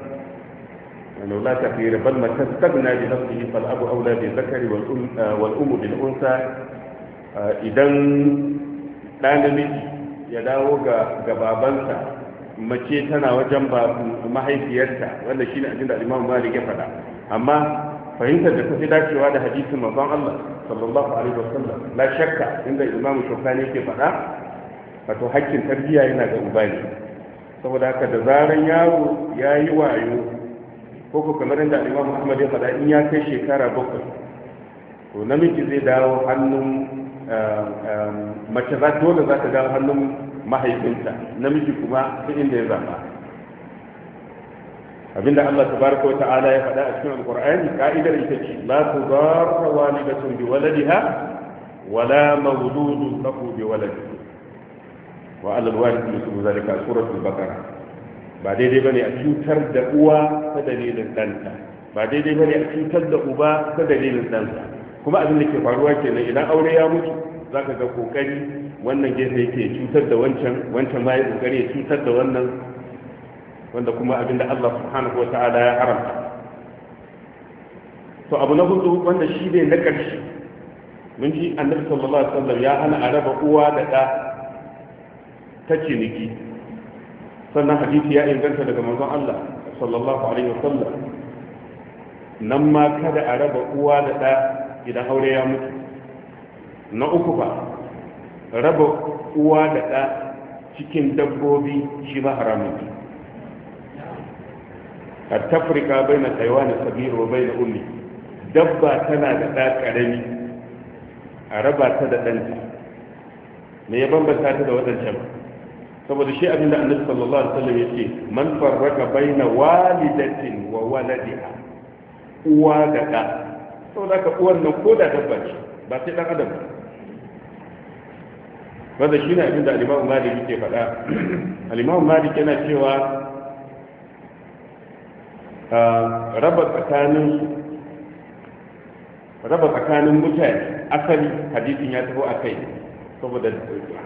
أنه لا تخير بل ما تستغنى بنفسه فالأب wal بالذكر bil Unsa, idan ɗan namiji ya dawo ga gababansa mace tana wajen mahaifiyarta wanda shi ne abin da Imam ba ya faɗa amma fahimtar da ta fi dacewa da hadisin manzon Allah sallallahu alaihi wasallam la shakka inda Imam Shawkani ke faɗa wato hakkin tarbiyya yana ga uba ne saboda haka da zaran yaro ya yi wayo ko ko kamar inda imamu Ahmad ya faɗa in ya kai shekara bakwai to namiji zai dawo hannun eh, eh, mace za dole za ta dawo hannun mahaifinta namiji kuma ta inda ya zaba abinda Allah tabaraka wa ta'ala ya faɗa a cikin alqur'ani ka'idar ita ce la tudarra walidatun bi waladiha wala mawludun lahu bi waladihi wa ala alwarith mithlu zalika suratul baqara ba daidai bane a cutar da uwa ta dalilin danta ba daidai bane a cutar da uba ta dalilin danta kuma abin da ke faruwa kenan idan aure ya mutu za ka ga kokari wannan gefe yake cutar da wancan wancan ma ya kokari ya cutar da wannan wanda kuma abinda Allah subhanahu wa ta'ala ya haramta to abu na hudu wanda shi ne na ƙarshe mun ji annabi sallallahu alaihi wasallam ya hana a raba uwa da ɗa ta ciniki sannan hadisi ya inganta daga manzon Allah sallallahu alaihi wasallam nan ma kada a raba uwa da ɗa idan aure ya mutu na uku ba raba uwa da ɗa cikin dabbobi shi ba haramun ne a tafrika bai na taiwa na sabiru bai na umi dabba tana da ɗa ƙarami a raba ta da ɗanta me ya ba ta da waɗancan saboda shi abin da annabi sallallahu alaihi wasallam yake man farraka baina walidatin wa waladiha uwa da ɗa saboda ka uwar nan ko da dabba ce ba sai ɗan adam ba wanda shi ne abinda alimamu malik ke faɗa alimamu malik yana cewa ah, raba tsakanin mutane asali hadisin ya taho a kai saboda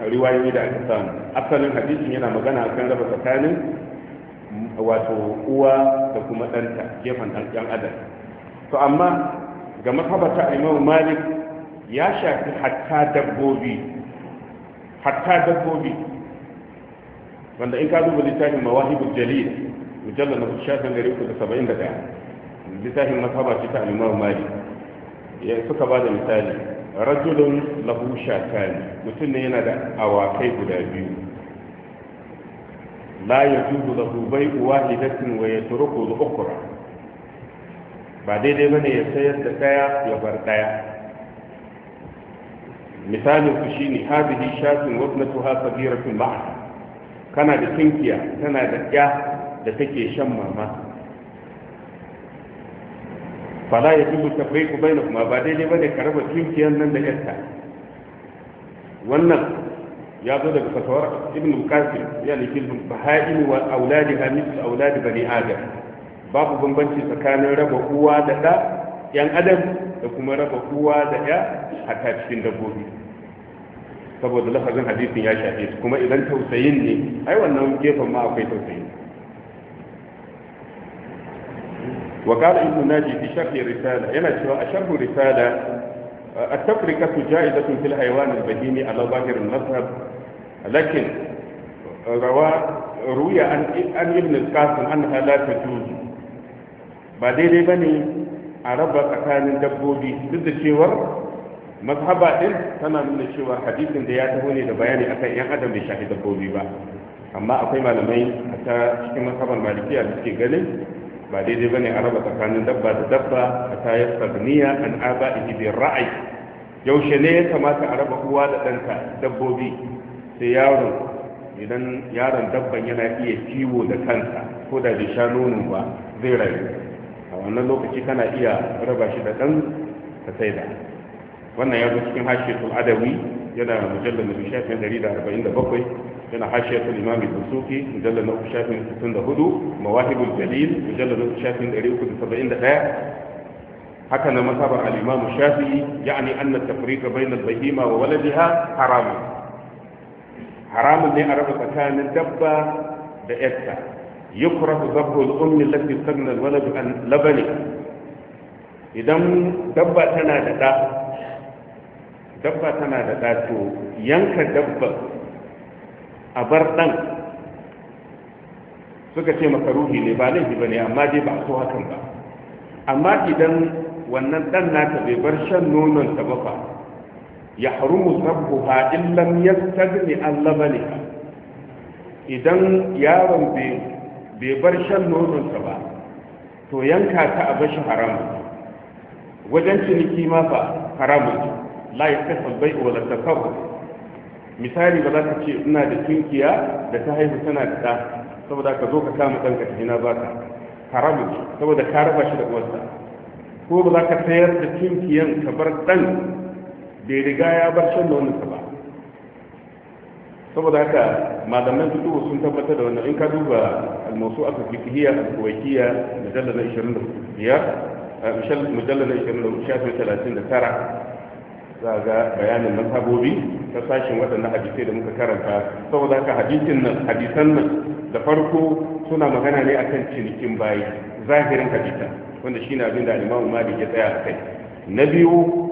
riwayoyi da aka samu asalin hadisin yana magana kan raba tsakanin wato uwa da kuma ɗanta gefen ɗan adam to amma ga masabata imamu malik ya shafi hatta dabbobi hatta dabbobi wanda in ka duba littafin mawahibul jalil mujalla na shafin gari uku da saba'in da ɗaya littafin masaba ce ta alimar mali ya suka ba da misali rajulun lahu shakani mutum ne yana da awakai guda biyu la yajuzu lahu bai'u wahidatin wa yatruku al-ukhra ba daidai bane ya sayar da daya ya bar daya misalin ne shine hadhihi shatun wa ibnatuha sabiratun ma'a kana da tinkiya tana da ya da take shan mama fala ya ta, ku tafriqu kuma ba daidai bane ka raba tinkiyan nan da yadda. wannan ya zo daga fatawar ibn kafir ya nufi baha'in wa auladi hamisu auladi bani adam babu bambanci tsakanin raba uwa da ɗa yan adam da kuma raba kowa da ya hatta cikin dabbobi saboda lafazin hadisin ya shafe su kuma idan tausayin ne ai wannan gefen ma akwai tausayin وقال ابن ناجي في شرح رسالة أنا شو أشرح رسالة التفرقة جائزة في الحيوان البهيمي على ظاهر المذهب لكن روى روي عن ابن القاسم أنها لا تجوز بعدين بني a raba tsakanin dabbobi duk da cewar mazhaba din tana nuna cewa hadisin da ya taho ne da bayani akan yan adam bai shafi dabbobi ba amma akwai malamai a ta cikin mazhaban malikiya da suke ganin ba daidai bane a raba tsakanin dabba da dabba a ta yi sabniya an aba ihi ra'ayi yaushe ne ya kamata a raba uwa da ɗanta dabbobi sai yaron idan yaron dabban yana iya kiwo da kansa ko da bai sha nono ba zai rayu wannan lokaci kana iya raba shi da ɗan ka saida wannan ya zo cikin hashiyatul adawi yana mujallar na shafin 147 yana hashiyatul imami busuki mujallar na shafin 64 mawahibul jalil mujallar na shafin 371 haka na masabar al-imam shafi'i ya'ani anna tafriqa bayna al-bahima wa waladiha haram haramun ne a raba tsakanin dabba da yarta yukrahu zabhu al-ummi allati tagna al-walad idan dabba tana da da dabba tana da da to yanka dabba a bar ɗan suka ce makaruhi ne ba laifi ba ne amma dai ba so hakan ba amma idan wannan dan nata bai bar shan nonon ta ba fa ya harumu sabbuha illam yastaghni an labaniha idan yaron bai bai bar shan nononsa ba to yanka ta a bashi haramun wajen ciniki ma ba haramun la ta kasar bai wala ta kawo misali ba za ka ce ina da tunkiya da ta haihu tana da ta saboda ka zo ka kama ɗanka ta hina ba ka haramun saboda ka raba shi da wasa ko ba za ka sayar da tunkiyan ka bar ɗan bai riga ya bar shan nononsa saboda haka malaman fiqh sun tabbatar da wannan in ka duba al aka al-fiqhiyya al-kuwaitiyya mujallad 24 biyar eh, mujallad 24 shafi 39 za ga bayanin mazhabobi ta sashin waɗannan hadisai da muka karanta saboda haka hadisin nan hadisan nan da farko suna magana ne akan cinikin bayi zahirin hadisa wanda shine abin da Imam Malik ya tsaya a kai na biyu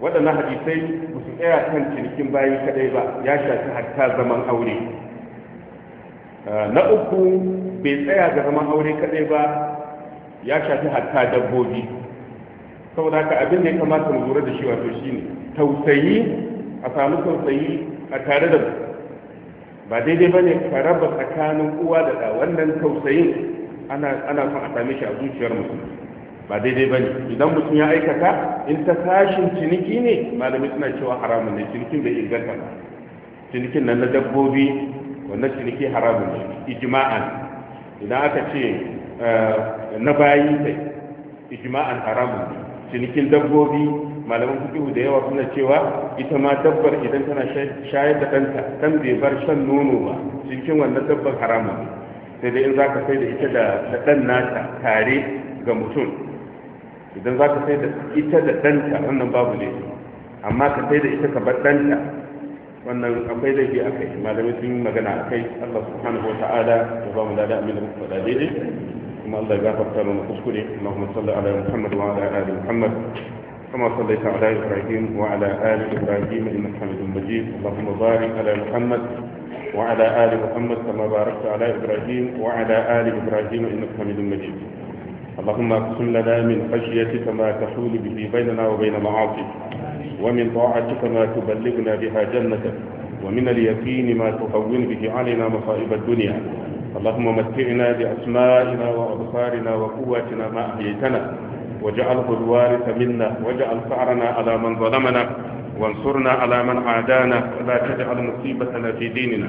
waɗannan hadisai ba su tsaya kan cinikin bayi kadai ba ya shafi hatta zaman aure ah, na uku bai tsaya ga zaman aure kadai ba ya shafi hatta dabbobi saboda haka abin da ya kamata mu lura da shi wato shi ne. tausayi a samu tausayi a tare da ba daidai ba ne ka raba tsakanin uwa da ɗa wannan tausayin ana son a same shi a zuciyar musulmi ba daidai ba ne idan mutum ya aikata in ta tashin ciniki ne malami suna cewa haramun ne cinikin bai inganta ba cinikin nan na dabbobi wannan ciniki haramun ne ijma'an idan aka ce eh, na bayi kai ijma'an haramun ne cinikin dabbobi malaman fiqhu da yawa suna cewa ita ma dabbar idan tana shayar da kanta kan bai bar shan nono ba cinikin wannan dabbar haramun ne sai dai in za ka sai da ita da ɗan nata tare ga mutum idan za ka sai da ita da ɗanta wannan babu ne amma ka sai da ita ka bar ɗanta wannan akwai laifi a kai malamai sun yi magana a kai allah subhanahu wa ta'ala ya ba mu dada amin da kuka dade ne kuma allah ya gafarta mana kuskure kuma kuma sallar ala muhammad wa ala ali muhammad كما ala على ابراهيم وعلى ال ابراهيم انك حميد مجيد اللهم بارك على محمد وعلى ال محمد كما باركت على ابراهيم وعلى ال ابراهيم انك حميد مجيد اللهم اقسم لنا من خشيتك ما تحول به بيننا وبين معاصيك ومن طاعتك ما تبلغنا بها جنتك ومن اليقين ما تهون به علينا مصائب الدنيا اللهم متعنا بأسمائنا وأبصارنا وقواتنا ما أحييتنا واجعله الوارث منا واجعل ثأرنا على من ظلمنا وانصرنا على من عادانا ولا تجعل مصيبتنا في ديننا